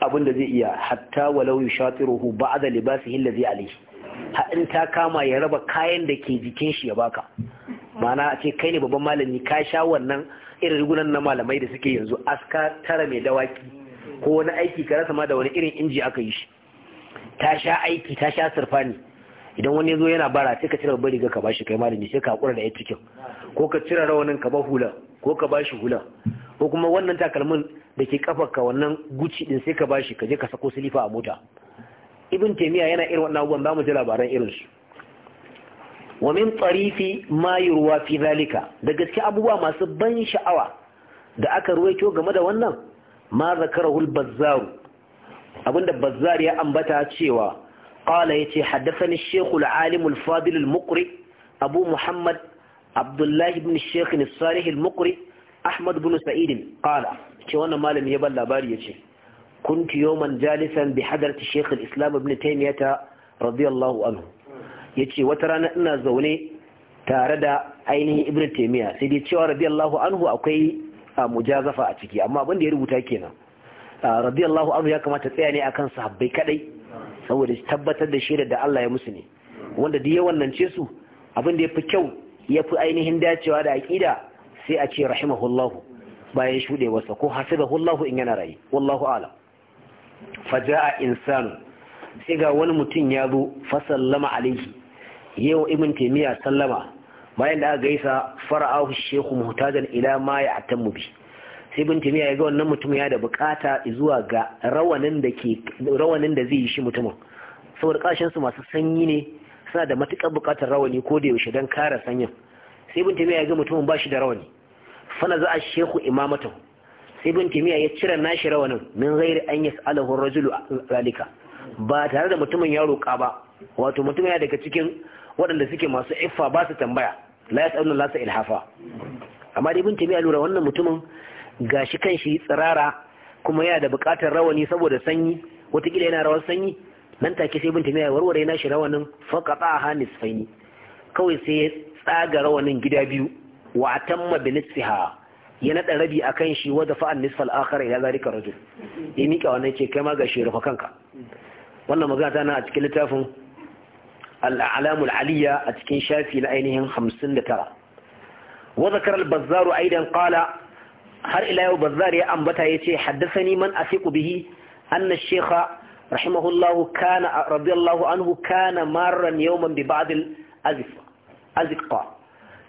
abin da zai iya hatta walau yushatiruhu ba'da libasihi allazi alayhi in ta kama ya raba kayan da ke jikin shi ya baka mana a ce kai ne babban malami ka sha wannan irin rigunan na malamai da suke yanzu aska tara mai dawaki ko wani aiki ka rasa ma da wani irin inji aka yi shi ta sha aiki ta sha ne idan wani zo yana bara sai ka cire babbar riga ka bashi kai malami sai ka hakura da ya cikin ko ka cire rawanin ka ba hula ko ka bashi hula ko kuma wannan takalmin da ke kafarka wannan guci din sai ka bashi ka je ka sako silifa a mota ibn taymiya yana irin wannan abubuwan zamu ji labaran irin su wa min tarifi ma yurwa fi zalika da gaske abubuwa masu ban sha'awa da aka ruwaito game da wannan ma zakarahul bazzaru abinda bazzar ya ambata cewa qala yace haddathani ash-shaykh al-alim al-fadil al-muqri abu muhammad abdullah ibn shaykh al-salih al-muqri ahmad ibn sa'id qala ce wannan malami ya ban labari yace kuntu yawman jalisan bi hadarati shaykh al-islam ibn taymiyah radiyallahu anhu yace wata rana ina zaune tare da ainihin ibn taymiyah sai dai cewa radiyallahu anhu akwai mujazafa a ciki amma abin da ya rubuta kenan radiyallahu anhu ya kamata tsaya ne akan sahabbai kadai saboda tabbatar da shaidar da Allah ya musu ne wanda duk ya ce su abin da ya fi kyau yafi ainihin dacewa da aqida sai a ce rahimahullahu bayan shudewarsa ko hasibahu Allahu in yana rayu wallahu a'lam faja'a insanu sai ga wani mutum ya zo fa sallama alaihi yau ibn taymiya sallama bayan da aka gaisa fara'ahu shehu muhtajan ila ma ya ya'tamu bi sai ibn taymiya ya ga wannan mutum ya da bukata zuwa ga rawanin da zai yi shi mutumin saboda kashin su masu sanyi ne suna da matukar bukatar rawani ko da yaushe don kare sanyin sai ibn taymiya ya ga mutumin ba shi da rawani fana za a shehu imamatu sai bin timiya ya cire nashi rawanin min ghairi an yas'alahu ar-rajulu zalika ba tare da mutumin ya roka ba wato mutum yana daga cikin waɗanda suke masu iffa ba su tambaya la la lasa ilhafa amma dai bin timiya lura wannan mutumin gashi kanshi tsirara kuma yana da bukatar rawani saboda sanyi watakila yana rawar sanyi nan take sai ibn timiya warware nashi rawanin faqata hanisfaini kawai sai ya tsaga rawanin gida biyu wa atamma bi nisfiha ya nada rabi akan shi wa dafa an nisfal akhar ila zalika rajul ya mika wannan ce kai ma ga shi rufa kanka wannan magana tana a cikin littafin al-a'lam al-aliyya a cikin shafi na ainihin 59 wa zakar al-bazzar aidan qala har ila yau bazzar ya ambata yace haddathani man asiqu bihi anna ash-shaykha rahimahullahu kana radiyallahu anhu kana marran yawman bi ba'd al azqa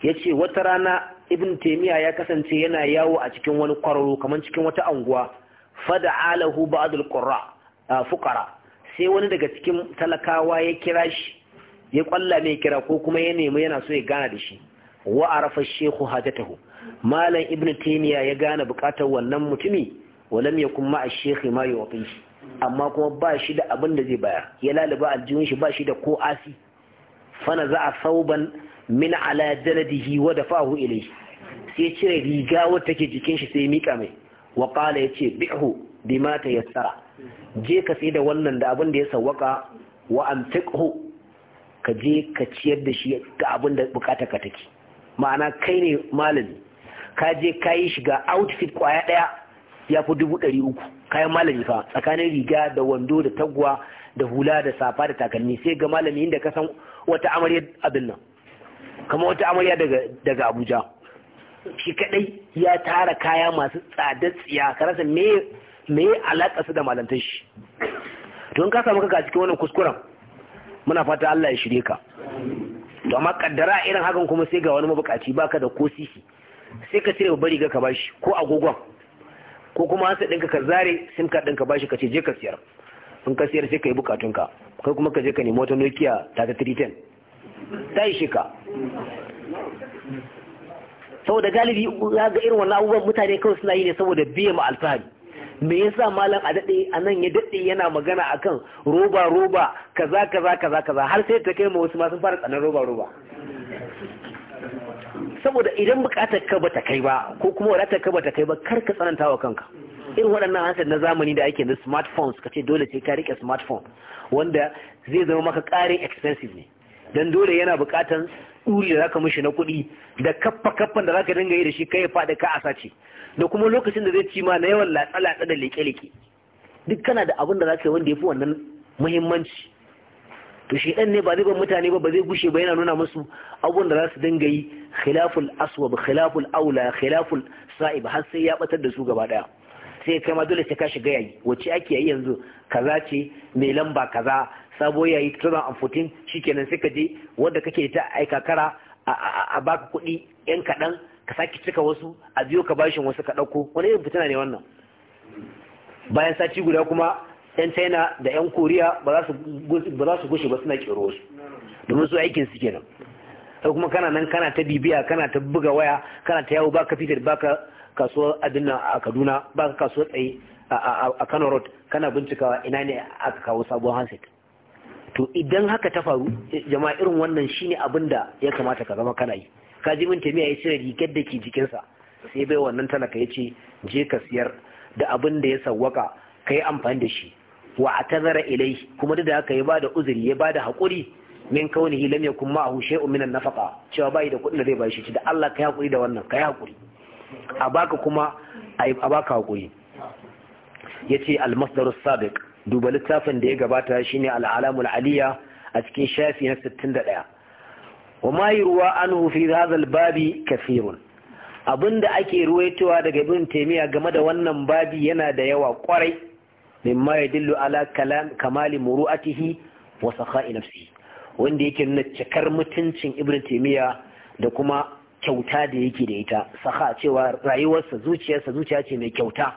ya ce wata rana ibn taimiyya ya kasance yana yawo a cikin wani kwararo kamar cikin wata anguwa fada alahu ba'adul qurra fukara sai wani daga cikin talakawa ya kira shi ya kwalla mai kira ko kuma ya nemi yana so ya gana da shi wa arafa shehu hajatahu malam ibn taimiyya ya gane bukatar wannan mutumi walam ya kuma a shaykh ma shi. amma kuma ba shi da abin da zai bayar ya lalaba aljihun shi ba shi da ko asi fana za a sauban min ala jaladihi wa dafa'ahu ilayhi sai cire riga wadda take jikin shi sai mika mai wa qala yace bi'hu bima tayassara je ka sai da wannan da abin da ya sawwaka wa amtiqhu ka je ka ciyar da shi ga abin da bukata ka take ma'ana kai ne malami ka je ka yi shiga outfit kwaya daya ya fi dubu ɗari uku kayan malami fa tsakanin riga da wando da taguwa da hula da safa da takalmi sai ga malami inda ka san wata amaryar abin nan kamar wata amarya daga abuja shi kadai ya tara kaya masu tsadar tsiya karasa me alaƙa su da malantar shi in ka samu kaka cikin wannan kuskuren muna fata Allah ya shirye ka to amma kaddara irin hakan kuma sai ga wani mabukaci baka da ko sisi sai ka cire babbar riga ka bashi ko agogon ko kuma sai ɗinka ka zare sim card ɗinka bashi ka ce je ka siyar in ka siyar sai ka yi bukatunka kai kuma ka je ka nemi wata Nokia ta 310 ta yi shika saboda galibi ya ga irin wannan abubuwan mutane kawai suna yi ne saboda biya ma alfahari me yasa malam a daɗe a nan ya daɗe yana magana akan roba roba kaza kaza kaza kaza har sai ta kai ma wasu masu fara tsanar roba roba saboda idan bukatar ka bata kai ba ko kuma wadatar ka bata kai ba kar ka tsananta wa kanka irin waɗannan hansar na zamani da ake da smartphones ka ce dole sai ka rike smartphone wanda zai zama maka ƙarin expensive ne dan dole yana bukatan ɗuri da zaka mishi na kuɗi da kaffa kaffan da zaka dinga yi da shi kai faɗi ka asa ce da kuma lokacin da zai ci ma na yawan latsa latsa da leƙe-leƙe, duk kana da abin da zaka yi wanda ya fi wannan muhimmanci to shi ɗan ne ba zai ban mutane ba ba zai gushe ba yana nuna musu abubuwan da za su dinga yi khilaful aswab khilaful aula khilaful sa'ib har sai ya batar da su gaba daya sai kai ma dole sai ka shiga yayi wace ake yi yanzu kaza ce mai lamba kaza sabo yayi shi kenan sai ka je wanda kake ta aika kara a baka kuɗi yan kaɗan ka sake cika wasu a biyo ka bashin wasu ka ɗauko wani irin fitina ne wannan bayan sati guda kuma yan china da yan koriya ba za su gushe ba suna kero wasu domin su aikin su kenan sai kuma kana nan kana ta bibiya kana ta buga waya kana ta yawo baka fitar baka kasuwar abin a kaduna baka kasuwar tsaye a kano road kana bincikawa ina ne aka kawo sabon handset to idan haka ta faru eh, jama'a irin wannan shine abin da ya kamata ka zama kana yi ka ji min tamiya ya cire rigar da ke jikin sa sai bai wannan talaka ya ce je ka siyar da abin da ya sawwaka ka yi amfani da shi wa a tazara ilai kuma duk da haka ya bada uzuri ya bada haƙuri min kaunihi lam yakun ma'ahu shay'un minan nafaqa cewa bai da kuɗin da zai bashi shi da Allah ka yi haƙuri da wannan ka yi haƙuri a baka kuma a baka haƙuri yace al sabik. sabiq duba littafin da ya gabata shine al'alamul aliya a cikin shafi na 61 wa ma yurwa anhu fi hadha al-babi kathirun abinda ake ruwaitowa daga ibn taymiya game da wannan babi yana da yawa kwarai mimma yadullu ala kalam kamali muru'atihi wa sakha'i nafsihi wanda yake nuna cikar mutuncin ibn taymiya da kuma kyauta da yake da ita saha cewa rayuwarsa zuciyarsa zuciya ce mai kyauta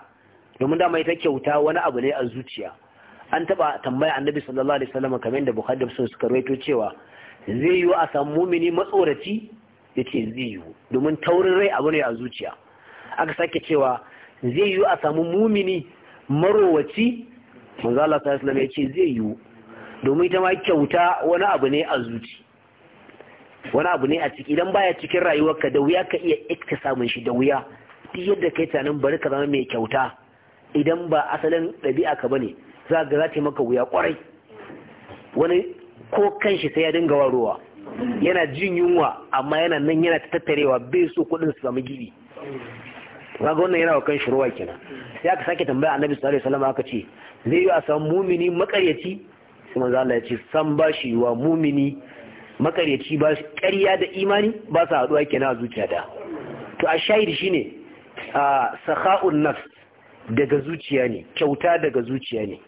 domin dama ita kyauta wani abu ne a zuciya an taba tambaya annabi sallallahu alaihi wasallam kamar yadda bukhari da muslim suka rawaito cewa zai yiwu a samu mumini matsoraci yace zai yiwu domin taurin rai abu ne a zuciya aka sake cewa zai yiwu a samu mumini marowaci manzo Allah sallallahu alaihi yace zai yiwu domin ita ma kyauta wani abu ne a zuci wani abu ne a ciki idan baya cikin rayuwarka da wuya ka iya iktisamin shi da wuya duk yadda kai tunanin bari ka zama mai kyauta idan ba asalin ɗabi'a ka bane za ga za ta maka wuya kwarai wani ko kan shi sai ya dinga warowa yana jin yunwa amma yana nan yana ta tattarewa bai so kudin su samu gibi kaga wannan yana wa kan shi ruwa kenan sai aka sake tambaya annabi sallallahu alaihi wasallam aka ce zai yi a samu mumini makaryaci sai manzo Allah ya ce san ba shi wa mumini makaryaci ba ƙarya da imani ba sa haɗuwa kenan a zuciya da to a shahid shine a sakha'un nafs daga zuciya ne kyauta daga zuciya ne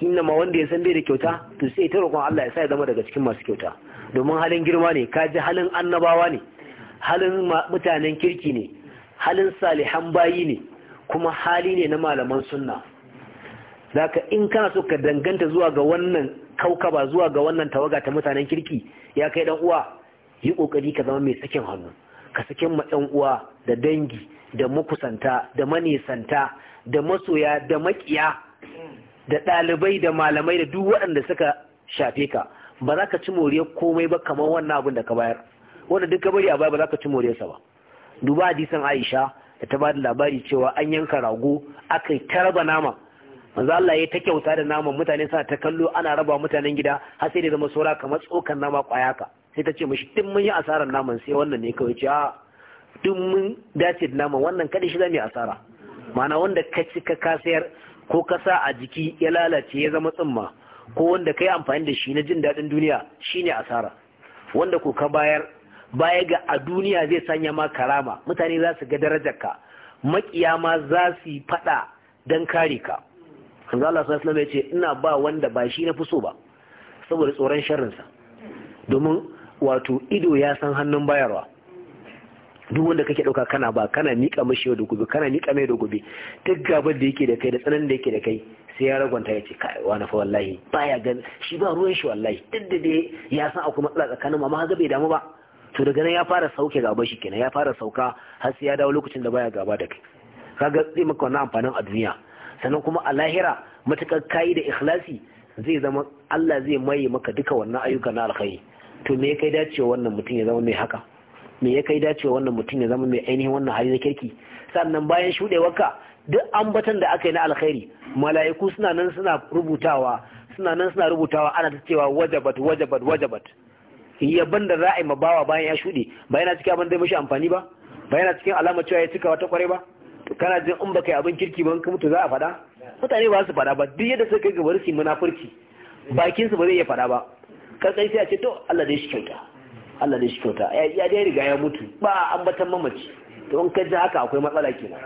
inna ma wanda ya san bai da kyauta to sai ta roƙon Allah ya sa ya zama daga cikin masu kyauta domin halin girma ne ka ji halin annabawa ne halin mutanen kirki ne halin salihan bayi ne kuma hali ne na malaman sunna zaka in kana so ka danganta zuwa ga wannan kaukaba zuwa ga wannan tawaga ta mutanen kirki ya kai dan uwa yi kokari ka zama mai sakin hannu ka sakin ma dan uwa da dangi da makusanta da manisanta da masoya da makiya da ɗalibai da malamai da duk waɗanda suka shafe ka ba za ka ci moriyar komai ba kamar wannan abin da ka bayar wanda duk ka bari a baya ba za ka ci moriyarsa ba duba hadisan Aisha da ta ba da labari cewa an yanka rago aka yi ta raba nama manzo Allah ya ta kyauta da naman mutane suna ta kallo ana raba mutanen gida har sai da zama saura kamar tsokan nama kwaya ka sai ta ce mishi duk mun yi asarar naman sai wannan ne kawai ce a mun dace da naman wannan kada shi zamu yi asara ma'ana wanda ka ci ka kasayar ko kasa a jiki ya lalace ya zama tsumma ko wanda ka yi amfani da shi na jin daɗin duniya shine asara wanda ko ka bayar baya ga a duniya zai sanya ma karama mutane za su ga darajarka makiya ma za su yi fada don kare ka kan Allah sallallahu ya ce ina ba wanda ba shi na fi so ba saboda tsoron sharrinsa domin wato ido ya san hannun bayarwa duk wanda kake dauka kana ba kana mika mashi da gobe kana mika mai da gobe duk gaban da yake da kai da tsananin da yake da kai sai ya ragwanta ya ce kai na fa wallahi baya gan shi ba ruwan shi wallahi duk da dai ya san akwai matsala tsakanin amma haka bai damu ba to daga nan ya fara sauke gaba shi kenan ya fara sauka har sai ya dawo lokacin da baya gaba da kai kaga zai maka wannan amfanin a duniya sannan kuma a lahira matukar kayi da ikhlasi zai zama Allah zai maye maka duka wannan ayyuka na alkhairi to me kai dace wannan mutum ya zama mai haka me ya kai dacewa wannan mutum ya zama mai ainihin wannan hali na kirki sannan bayan waka, duk ambatan da aka yi na alkhairi mala'iku suna nan suna rubutawa suna nan suna rubutawa ana ta cewa wajabat wajabat wajabat yaban da za a yi ma bawa bayan ya shuɗe ba yana cikin abin da ya amfani ba ba yana cikin alamar cewa ya cika wata kware ba kana jin in baka yi abin kirki ba ka mutu za a faɗa mutane ba su faɗa ba duk yadda suka kai gaba su munafurci bakin su ba zai iya faɗa ba kai sai a ce to Allah zai shi kyauta Allah ne shi kyauta ya dai riga ya mutu ba ambatan mamaci to in ka ji haka akwai matsala kenan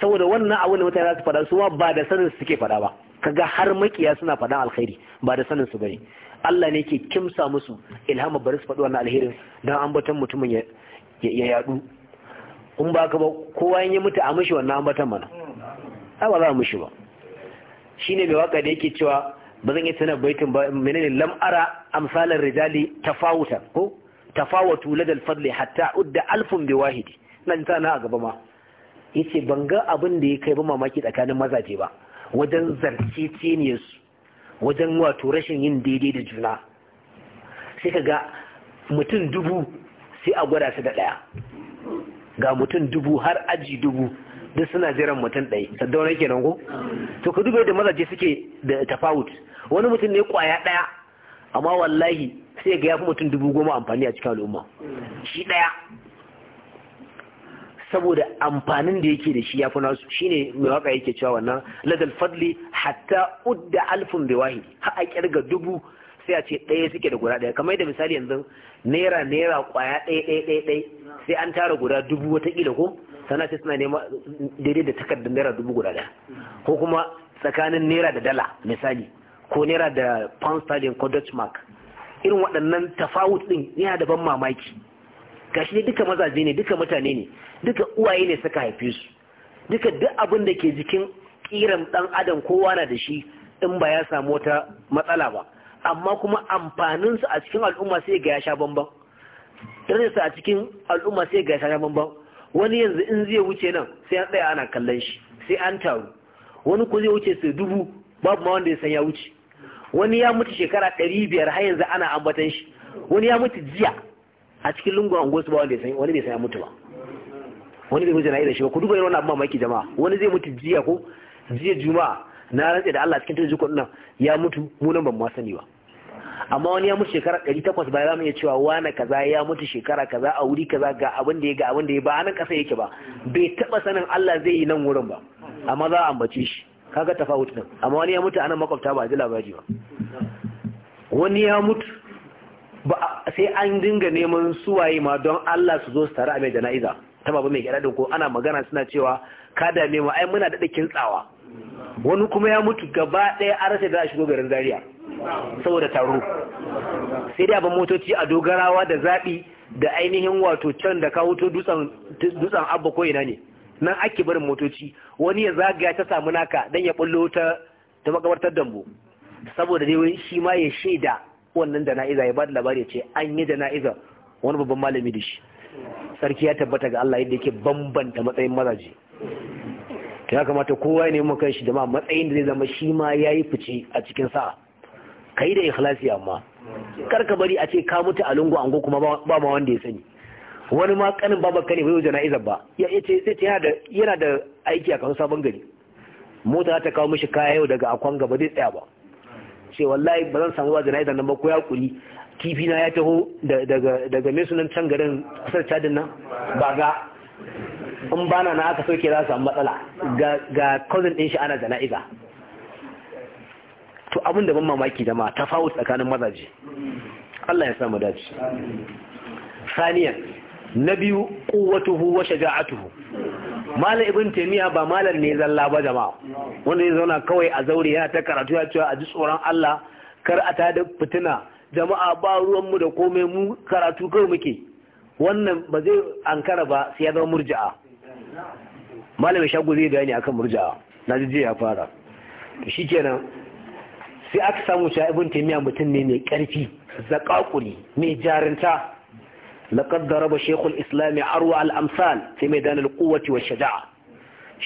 saboda wannan abu da mutane za su faɗa su ba da sanin suke faɗa ba kaga har makiya suna faɗan alkhairi ba da sanin su bane Allah ne ke kimsa musu ilhama bari su faɗi wannan alherin dan ambatan mutumin ya yadu in ba ka ba kowa ya mutu a mishi wannan ambatan mana ai ba za a mishi ba shine mai waka da yake cewa ba zan iya sanar baitin ba menene lam'ara? ara amsalar rijali tafawuta ko tafawatu ladal fadli hatta udda alfun bi wahidi nan ta na a gaba ma yace ban ga abin da ya kai ba mamaki tsakanin mazaje ba wajen ne su wajen wato rashin yin daidai da juna sai ka ga mutum dubu sai a gwada su da ɗaya ga mutum dubu har aji dubu duk suna jiran mutum ɗaya saddauna kenan ko to ka duba yadda mazaje suke da tafawut wani mutum ne kwaya ɗaya amma wallahi sai ga yafi mutum dubu goma amfani a cikin al'umma shi ɗaya saboda amfanin da yake da shi ya fi nasu ne mai waka yake cewa wannan ladal fadli hatta udda alfun da wahi har a kirga dubu sai a ce ɗaya suke da guda ɗaya kamar yadda misali yanzu naira naira kwaya ɗaya ɗaya ɗaya ɗaya sai an tara guda dubu wata ila ko sana ce suna nema daidai da takardar naira dubu guda ɗaya ko kuma tsakanin naira da dala misali ko naira da pound sterling ko dutch mark irin waɗannan tafawut ɗin yana da ban mamaki gashi ne duka mazaje ne duka mutane ne duka uwaye ne suka haife su duka duk abin da ke jikin kiran ɗan adam kowa na da shi in ba ya samu wata matsala ba amma kuma amfanin su a cikin al'umma sai ga ya sha bamban dare a cikin al'umma sai ga ya sha bamban wani yanzu in zai wuce nan sai an tsaya ana kallon shi sai an taru wani ko zai wuce sai dubu babu ma wanda ya san ya wuce wani ya mutu shekara ɗari biyar har yanzu ana ambatan shi wani ya mutu jiya a cikin lungun anguwarsu ba wanda wani bai san ya mutu ba wani bai mutu na da shi ba ku duba wani abu maki jama'a wani zai mutu jiya ko jiya juma'a na rantse da Allah cikin tunji nan ya mutu mu nan ban ma sani ba amma wani ya mutu shekara ɗari takwas ba za mu iya cewa wani kaza ya mutu shekara kaza a wuri kaza ga abin da ya ga abin da ya ba a nan ƙasa yake ba bai taɓa sanin Allah zai yi nan wurin ba amma za a ambace shi kaga tafawut din amma wani ya mutu anan makwabta ba ji labari ba wani ya mutu ba sai an dinga neman suwaye ma don Allah su zo su tare a mai jana'iza ta babu mai din ko ana magana suna cewa ka da mu ai muna da dakin tsawa. wani kuma ya mutu gaba ɗaya an rasa da a shigo garin zaria saboda taro sai dai abin motoci a dogarawa da zaɓi da ainihin wato can da ka wuto dutsen abba ko ina ne nan ake barin motoci wani ya zagaya ta samu naka dan ya bullo ta ta makabartar dambo saboda dai shi ma ya shaida wannan jana'iza ya ba da labari ya ce an yi jana'iza wani babban malami da shi sarki ya tabbata ga Allah yadda yake bambanta matsayin mazaje ya kamata kowa ya nemi shi da ma matsayin da zai zama shi ma ya yi fice a cikin sa'a kai da ikhlasi amma kar ka bari a ce ka mutu a lungu ango kuma ba ma wanda ya sani wani ma kanin babanka ne bai wajen jana'izar ba ya ce sai ta yana da aiki a kan sabon gari mota ta kawo mishi kaya yau daga akwan gaba zai tsaya ba ce wallahi ba zan samu ba na'izar nan ba ko ya kuri kifi na ya taho daga mai sunan can garin kasar cadin nan ba ga in bana na aka soke za su samu matsala ga cousin din shi ana jana'iza to abin da ban mamaki da ma tafawut tsakanin mazaje Allah ya samu dace saniyan na biyu kuwatuhu wa tuhu? malam ibn taimiyya ba malam ne zalla ba jama'a wanda ya zauna kawai a zaure yana ta karatu ya cewa a ji tsoron Allah kar a ta da fitina jama'a ba ruwanmu da komai mu karatu kawai muke wannan ba zai ankara ba sai ya zama murji'a malamin shago zai bayani akan murja'a na ji ya fara shikenan sai aka samu cewa ibn taimiyya mutum ne mai karfi zakakuri mai jarinta laqad raba shaykhul islam arwa al amsal fi mai al quwwati wa shaja'a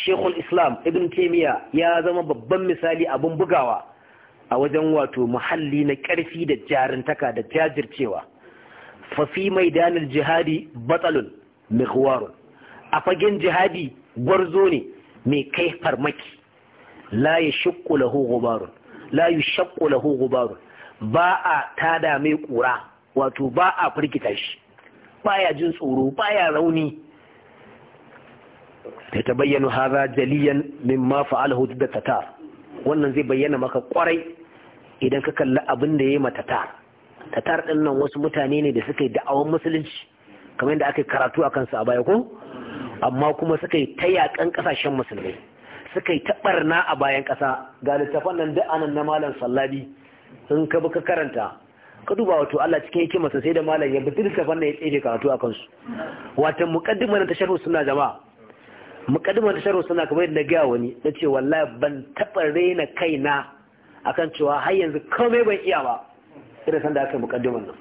shaykhul islam ibn taymiya ya zama babban misali abin bugawa a wajen wato muhalli na karfi da jarintaka da jajircewa fa fi maidan al jihadi batalun mighwarun a fagen jihadi gwarzo ne mai kai farmaki la yashqu lahu ba a tada mai ƙura, wato ba a firgita shi baya jin tsoro baya rauni ta tabayyana haza jaliyan mimma fa'alahu da tata wannan zai bayyana maka kwarai idan ka kalli abin da yayi mata tatar tatar din nan wasu mutane ne da suka yi da'awan musulunci kamar yadda aka karatu a kansu a baya ko amma kuma suka yi ta yakan kasashen musulmai suka yi taɓarna a bayan ƙasa ga littafan nan duk anan na malam sallabi sun ka bi ka karanta ka duba wato Allah cikin hikimarsa sai da malam ya bi littafan da ya tsere karatu a kansu wato muqaddimar ta sharhu sunna jama'a muqaddimar ta sharhu suna kamar yadda ga wani ce wallahi ban taba raina kaina akan cewa har yanzu komai ban iya ba irin sanda aka muqaddimar nan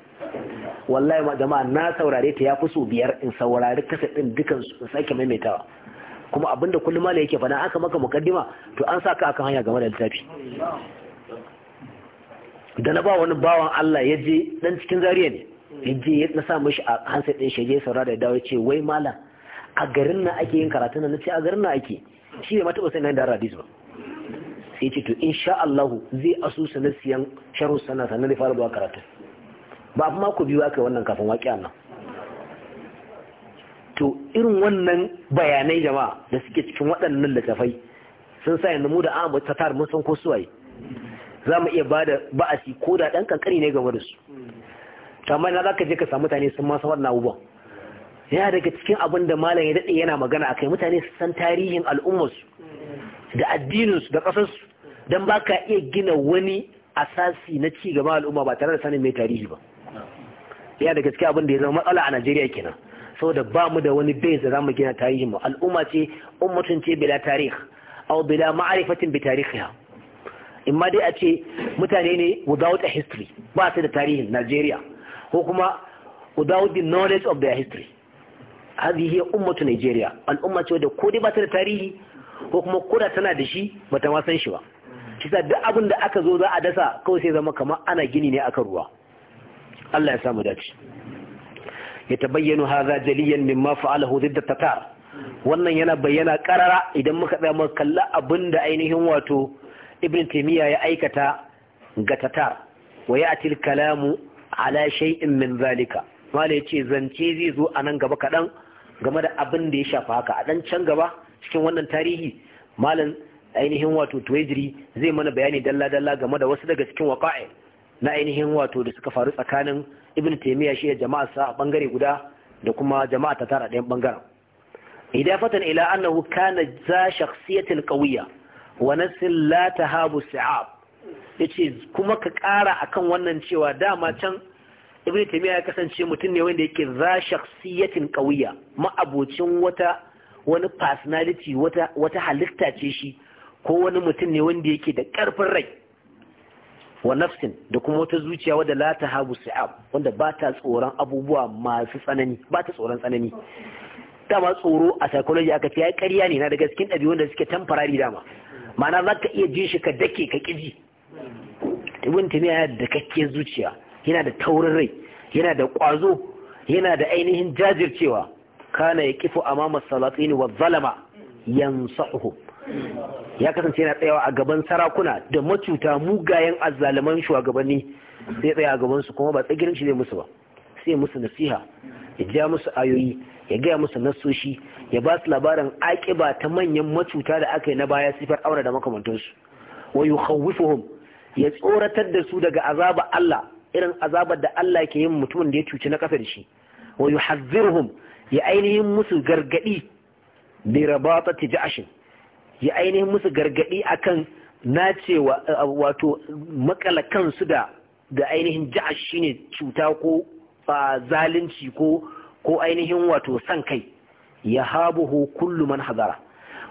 wallahi ma jama'a na saurare ta yafi su biyar in saurari kasa din dukan su in sake maimaitawa kuma abinda kullum malam yake faɗa aka maka muqaddima to an saka akan hanya game da littafi da na ba wani bawan Allah ya je dan cikin zariya ne ya je ya na sa mishi a hansa din shi je saurara da dawo ce wai malam a garin na ake yin karatu na ce a garin na ake shi bai ma taɓa sanin da hadisi ba sai ce to insha Allah zai asusu na siyan sharu sana sannan zai fara zuwa karatu ba fi mako biyu aka wannan kafin waƙi nan to irin wannan bayanai jama'a da suke cikin waɗannan littafai sun sa yanzu mu da amma ta tar mun san ko suwaye za mu iya ba da ba'asi ko da ɗan kankari ne game da su amma na za ka je ka samu mutane sun ma wannan abubuwan yana daga cikin abin da malam ya daɗe yana magana a kai mutane su san tarihin al'ummarsu da addininsu da ƙasarsu don ba ka iya gina wani asasi na ci gaba al'umma ba tare da sanin mai tarihi ba yana daga cikin abin da ya zama matsala a najeriya kenan saboda ba mu da wani bai da za mu gina tarihin mu al'umma ce ummatun ce bila tarih au bila ma'arifatin bi tarihiha in ma dai a ce mutane ne without a history ba su da tarihin Najeriya ko kuma without the knowledge of their history hazihi ummatu Najeriya al'umma ce wadda ko dai ba su da tarihi ko kuma koda tana da shi ba ta san shi ba sa duk abin da aka zo za a dasa kawai sai zama kama ana gini ne aka ruwa Allah ya samu dace ya ta tabayyana haza jaliyan mimma fa'alahu ta tatar wannan yana bayyana karara idan muka tsaya muka kalla abin da ainihin wato ibn taimiyya ya aikata ga tatar wa ya'til kalamu ala shay'in min zalika malai yace zance zai zo a nan gaba kaɗan game da abin da ya shafa haka a ɗan can gaba cikin wannan tarihi malam ainihin wato tuwajiri zai mana bayani dalla-dalla game da wasu daga cikin waƙa'i na ainihin wato da suka faru tsakanin ibn taimiyya shi jama'a sa a bangare guda da kuma jama'a ta tara ɗayan bangaren idafatan ila annahu kana za shakhsiyatin qawiyya wa nassin la tahabu si'ab yace kuma ka ƙara akan wannan cewa dama can ibn taymiya ya kasance mutum ne wanda yake za shakhsiyatin qawiyya ma'abocin wata wani personality wata wata halitta ce shi ko wani mutum ne wanda yake da karfin rai wa nafsin da kuma wata zuciya wadda la tahabu si'ab wanda ba ta tsoron abubuwa masu tsanani ba ta tsoron tsanani dama tsoro a psychology aka ce ya ƙarya ne na da cikin ɗabi'un da suke temporary dama ma'ana za ka iya ji shi ka dake ka ƙiji ibn taymiya yana da kakkiyar zuciya yana da taurin rai yana da ƙwazo yana da ainihin jajircewa kana ya kifu amama salatin wa zalama yansahu ya kasance yana tsayawa a gaban sarakuna da macuta mugayen azzaliman shugabanni sai tsaya a gaban su kuma ba tsagirin shi zai musu ba sai musu nasiha ya ja musu ayoyi ya gaya musu nassoshi ya ba su labarin aƙiba ta manyan macuta da aka yi na baya sifar aure da makamantansu wa yukhawwifuhum ya tsoratar da su daga azaba Allah irin azabar da Allah ke yin mutumin da ya cuci na kasar shi wa yuhadhdhiruhum ya ainihin musu gargadi bi rabatati ja'shin ya ainihin musu gargadi akan nacewa wato makala kansu da da ainihin ja'ash shine cuta ko ba zalunci ko ko ainihin wato san kai ya habuhu kullu man hazara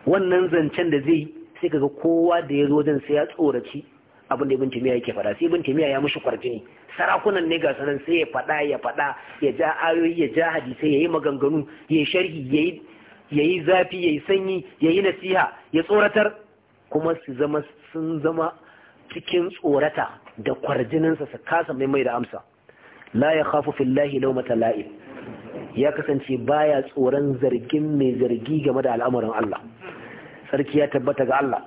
wannan zancen da zai sai kaga kowa da ya zo wajen sai ya tsoraci abin da ibn timiya yake fada sai ibn timiya ya mushi kwarjini sarakunan ne ga sanan sai ya faɗa ya faɗa ya ja ayoyi ya ja hadisi ya yi maganganu ya yi sharhi ya yi zafi ya sanyi ya yi nasiha ya tsoratar kuma su zama sun zama cikin tsorata da kwarjininsa su kasa mai mai da amsa la ya khafu fillahi lawmata la'ib ya kasance baya tsoron zargin mai zargi game da al'amuran Allah sarki ya tabbata ga Allah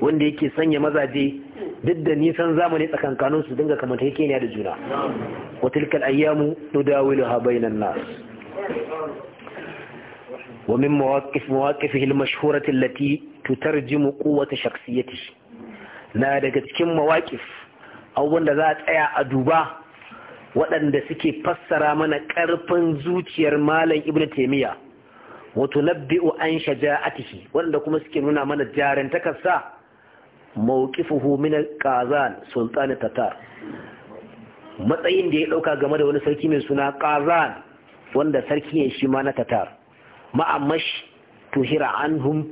wanda yake sanya mazaje duk da nisan zamani tsakankanin su dinga kamata yake ne da juna wa tilkal ayyamu nudawiluha bainan nas wa min mawaqif mawaqifihi cutar mashhurati allati tutarjimu quwwata shakhsiyatihi na daga cikin mawaqif abubuwan da za a tsaya a duba waɗanda suke fassara mana ƙarfin zuciyar malam ibnu wato wa tunabbi'u an shaja'atihi waɗanda kuma suke nuna mana takasa, mawqifuhu min al-qazan sultan tatar matsayin da ya ɗauka game da wani sarki mai suna qazan wanda sarki ne shi ma na tatar ma'amash tuhira anhum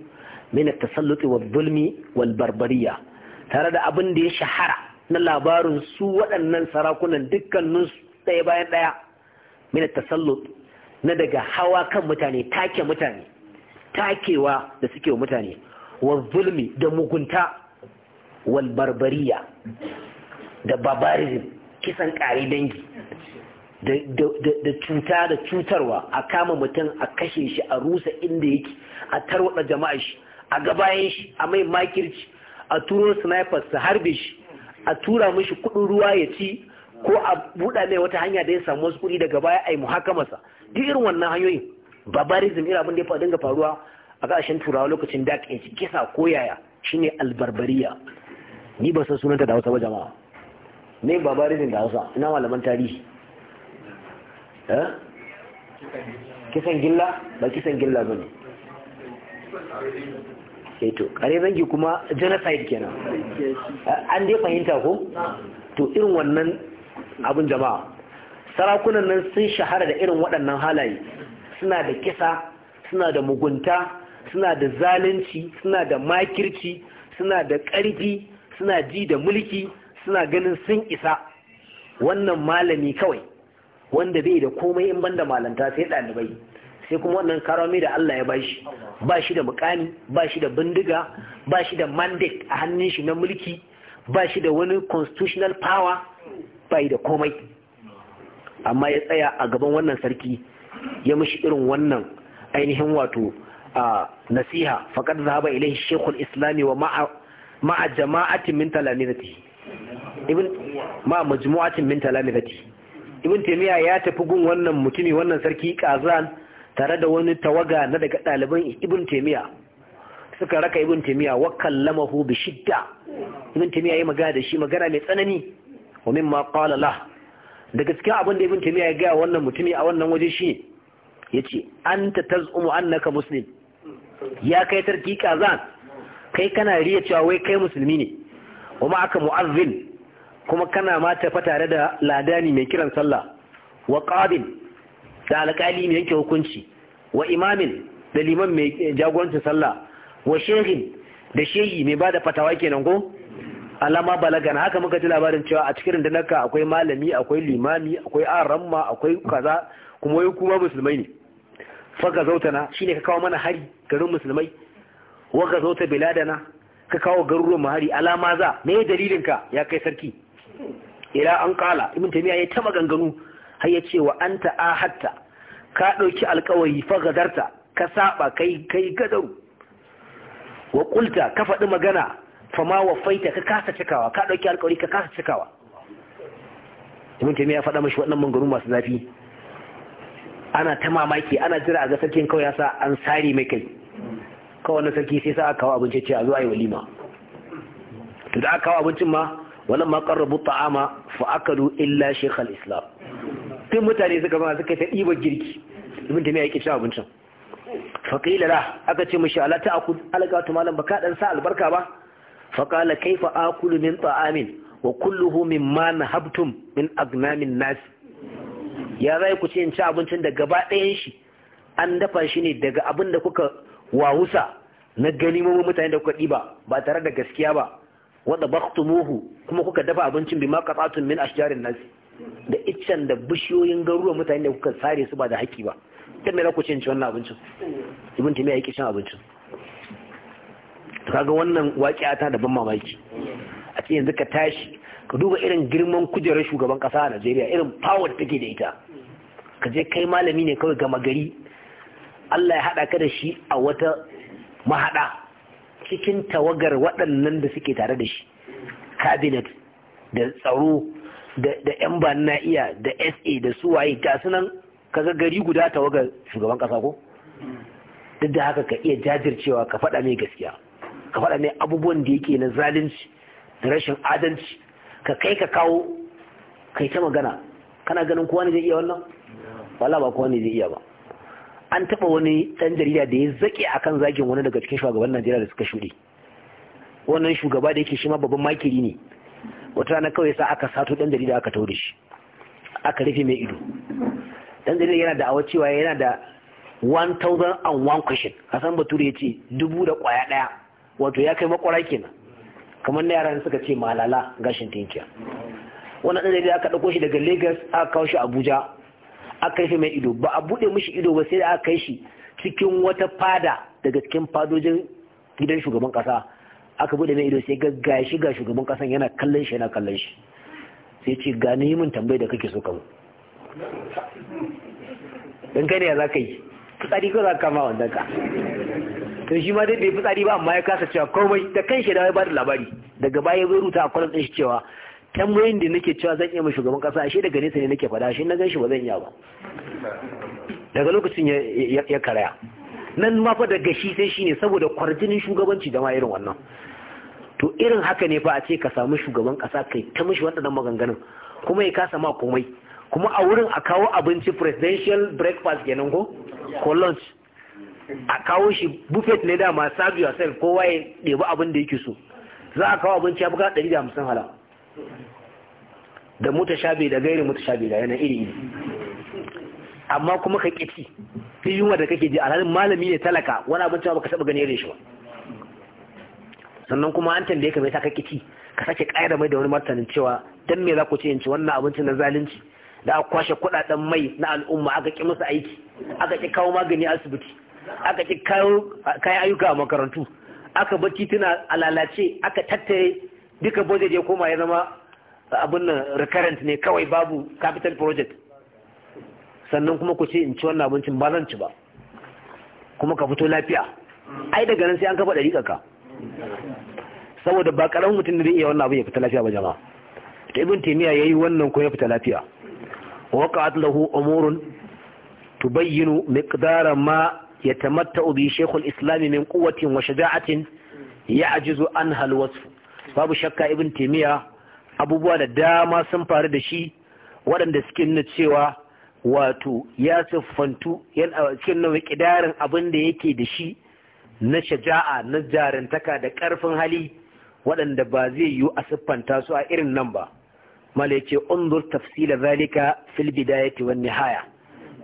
min at-tasallut wa zulmi wal-barbariya tare da abin da ya shahara na labarin su waɗannan sarakunan dukkanin ɗaya bayan ɗaya mina tasallut na daga hawa kan mutane take mutane takewa da suke mutane wa zulmi da mugunta wal barbariya da barbarism kisan ƙari dangi da cuta da cutarwa a kama mutum a kashe shi a rusa inda yake a tarwada jama'a shi a gabayen shi a mai makirci a turo snipers su harbe shi a tura mishi kudin ruwa ya ci ko a buɗa mai wata hanya da ya samu wasu kuɗi daga baya a yi muhakamarsa duk irin wannan hanyoyin barbarism irin abin da ya dinga faruwa a ƙarshen turawa lokacin dark age kisa ko yaya shine albarbariya ni ba san sunanta da hausa ba jama'a ne barbarism da hausa ina malaman tarihi eh? kisan gilla ba kisan gilla ba ne sai eh, to kare kuma genocide kenan an dai fahimta ko to irin wannan abin jama'a sarakunan nan sun shahara da irin waɗannan halaye suna da kisa suna da mugunta suna da zalunci suna da makirci suna da ƙarfi suna ji da mulki suna ganin sun isa wannan malami kawai wanda bai da komai in banda malanta sai ɗalibai sai kuma wannan karami da Allah ya bashi ba shi da mukami ba shi da bindiga ba shi da mandate a hannun shi na mulki ba shi da wani constitutional power ba da komai amma ya tsaya a gaban wannan sarki ya mishi irin wannan ainihin wato a nasiha faqad zahaba ilayhi shaykhul islami wa ma'a ma'a jama'atin min talamizati ibn ma'a majmu'atin min talamizati ibn taymiya ya tafi gun wannan mutumi wannan sarki kazan tare da wani tawaga na daga ɗaliban ibn taimiyya suka raka ibn taimiyya wa kallamahu bi shidda ibn taimiyya ya magana da shi magana mai tsanani wa mimma qala la daga cikin abin da ibn taimiyya ya ga wannan mutumi a wannan waje shi yace anta tazumu annaka muslim ya kai tarki kazan kai kana riya cewa wai kai musulmi ne wa ma aka mu'azzin kuma kana mata fa tare da ladani mai kiran sallah wa qabil da alƙali mai yanke hukunci wa imamin da liman mai jagoranci sallah wa shehin da shehi mai ba da fatawa kenan ko alama na haka muka ji labarin cewa a cikin rundunarka akwai malami akwai limami akwai aramma akwai kaza kuma wai kuma musulmai ne faka zautana shine ka kawo mana hari garin musulmai Wa ka zauta biladana ka kawo garuruwan hari alama za me dalilin ka ya kai sarki ila an kala ibn tamiya ya ta ganganu. har yace wa anta ahatta ka ɗauki alkawari fa gadarta ka saba kai kai gadaru wa qulta ka faɗi magana fa ma wafaita ka kasa cikawa ka ɗauki alkawari ka kasa cikawa ibn taymiya ya faɗa mashi waɗannan mangaru masu zafi ana ta mamaki ana jira a ga sarkin kawai ya sa an sare mai kai kawai na sarki sai sa aka kawo abinci ce a zo a yi walima to da aka kawo abincin ma wannan ma qarrabu ta'ama fa akalu illa shaykh al-islam tun mutane suka ba suka ta ɗiba girki ta mai yake cin abincin faƙila la aka ce mashi ala ta akul malam ba kaɗan sa albarka ba faƙala fa akulu min ta'amin wa kulluhu mimma nahabtum min agnamin nasi. ya zai ku ce in ci abincin da gaba ɗayan shi an dafa shi ne daga abin da kuka wahusa na ganimomin mutane da kuka ɗiba ba tare da gaskiya ba wadda baktumuhu kuma kuka dafa abincin bi ma qat'atun min ashjarin nasi da iccen da bishiyoyin garuruwan mutane da kuka sare su ba da haƙi ba kan me za ku wannan abincin ibn ya ƙi cin abincin kaga wannan waƙiya ta da ban mamaki a ce yanzu ka tashi ka duba irin girman kujerar shugaban ƙasa a Najeriya irin power da take da ita ka je kai malami ne kawai gama gari Allah ya haɗa ka da shi a wata mahaɗa cikin tawagar waɗannan da suke tare da shi cabinet da tsaro da yan ba na iya da sa da suwaye ga sunan kaga gari guda ga shugaban kasa ko duk da haka ka iya jajircewa ka faɗa mai gaskiya ka faɗa mai abubuwan da yake na zalunci da rashin adalci ka kai ka kawo kai ta magana kana ganin kowa ne zai iya wannan wala ba kowa ne zai iya ba an taɓa wani ɗan jarida da ya zaƙe akan zagin wani daga cikin shugaban najeriya da suka shuɗe wannan shugaba da yake shi ma babban makiri ne wata rana kawai sa aka sato dan jarida aka taure shi aka rufe mai ido dan jarida yana da awa cewa yana da 1001 question kasan bature ya ce dubu da kwaya daya wato ya kai makwara kenan kamar na yaran suka ce malala gashin tinkiya wannan dan jarida aka dauko shi daga Lagos aka kawo shi Abuja aka rufe mai ido ba a bude mishi ido ba sai da aka kai shi cikin wata fada daga cikin fadojin gidan shugaban kasa aka bude mai ido sai ga gashi ga shugaban kasan yana kallon shi yana kallon shi sai ce ga ni mun tambaye da kake so ka mu dan kai ne za ka yi fitsari ko ka ma wanda ka to shi ma dai bai fitsari ba amma ya kasa cewa komai da kan shi da ya bada labari daga baya bai ruta a kwalan din shi cewa tambayoyin da nake cewa zan iya mai shugaban kasa ashe daga nesa ne nake fada shi na ganshi ba zan iya ba daga lokacin ya karaya nan ma fa daga shi sai shine saboda kwarjinin shugabanci da ma irin wannan to irin haka ne fa a ce ka samu shugaban kasa kai ta mishi waɗannan maganganun kuma ya kasa ma komai kuma a wurin a kawo abinci presidential breakfast kenan ko ko lunch a kawo shi buffet ne dama serve yourself kowa ya ɗebi abin da yake so za a kawo abinci ya buga ɗari da hamsin hala da muta shabe da gairi muta shabe da yana iri iri amma kuma ka ƙi yunwa da kake ji alhalin malami ne talaka wani abinci ba ka taɓa gani ya shi ba sannan kuma an tambaye ka me ka kici ka sake ƙaira mai da wani martanin cewa dan me za ku ce in ci wannan abincin na zalunci da aka kwashe kuɗaɗen mai na al'umma aka ƙi musu aiki aka ƙi kawo magani asibiti aka ƙi kawo kayan ayyuka a makarantu aka bar tituna a lalace aka tattare duka budget ya koma ya zama abin nan recurrent ne kawai babu capital project sannan kuma ku ce in ci wannan abincin ba zan ci ba kuma ka fito lafiya ai daga nan sai an kafa ɗari ka saboda ba karamin mutum da zai iya wannan abu ya fita lafiya ba jama'a ta ibn ya yi wannan ko ya fita lafiya waqa'at lahu umurun tubayyinu miqdara ma yatamatta'u bi shaykh al-islam min quwwatin wa shaja'atin ya'jizu anha al-wasf babu shakka ibn taymiya abubuwa da dama sun faru da shi waɗanda suke nuna cewa wato ya siffantu cikin nan abin da yake da shi na shaja'a na jarantaka da ƙarfin hali waɗanda ba zai yiwu a siffanta su a irin nan ba mala yace unzur tafsila zalika fil bidayati wan nihaya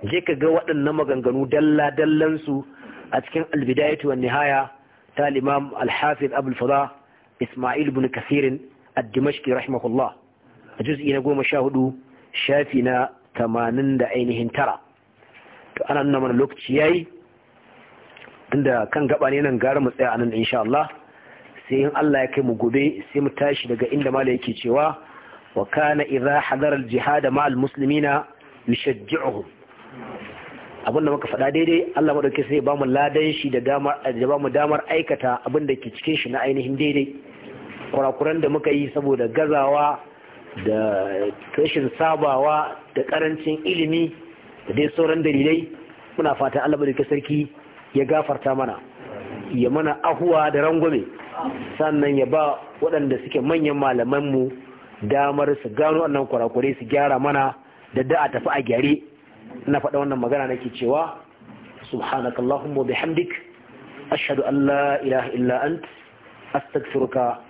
je ka ga waɗannan maganganu dalla dallan su a cikin al bidayati wan nihaya ta imam al hafiz abul fada isma'il ibn kasir ad dimashqi rahimahullah a juz'i na 14 shafi na tamanin da ainihin tara to ana nan lokaci yayi tunda kan gaba ne nan gara mu tsaya anan insha Allah sai in Allah ya kai mu gobe sai mu tashi daga inda mala yake cewa wa kana idza hadara al-jihad ma al-muslimina abinda muka faɗa daidai Allah madauke sai ba mu ladan shi da damar da ba mu damar aikata abinda ke cikin shi na ainihin daidai kurakuran da muka yi saboda gazawa da rashin sabawa da karancin ilimi da dai sauran dalilai muna fata Allah madauke sarki ya gafarta mana ya mana ahuwa da rangwame sannan ya ba waɗanda suke manyan malamanmu damar su gano annan kurakurai su gyara mana da da'a tafi a gyare na faɗa wannan magana nake cewa subhanakallahumma bihamdik ashhadu an la ilaha illa ant astaghfiruka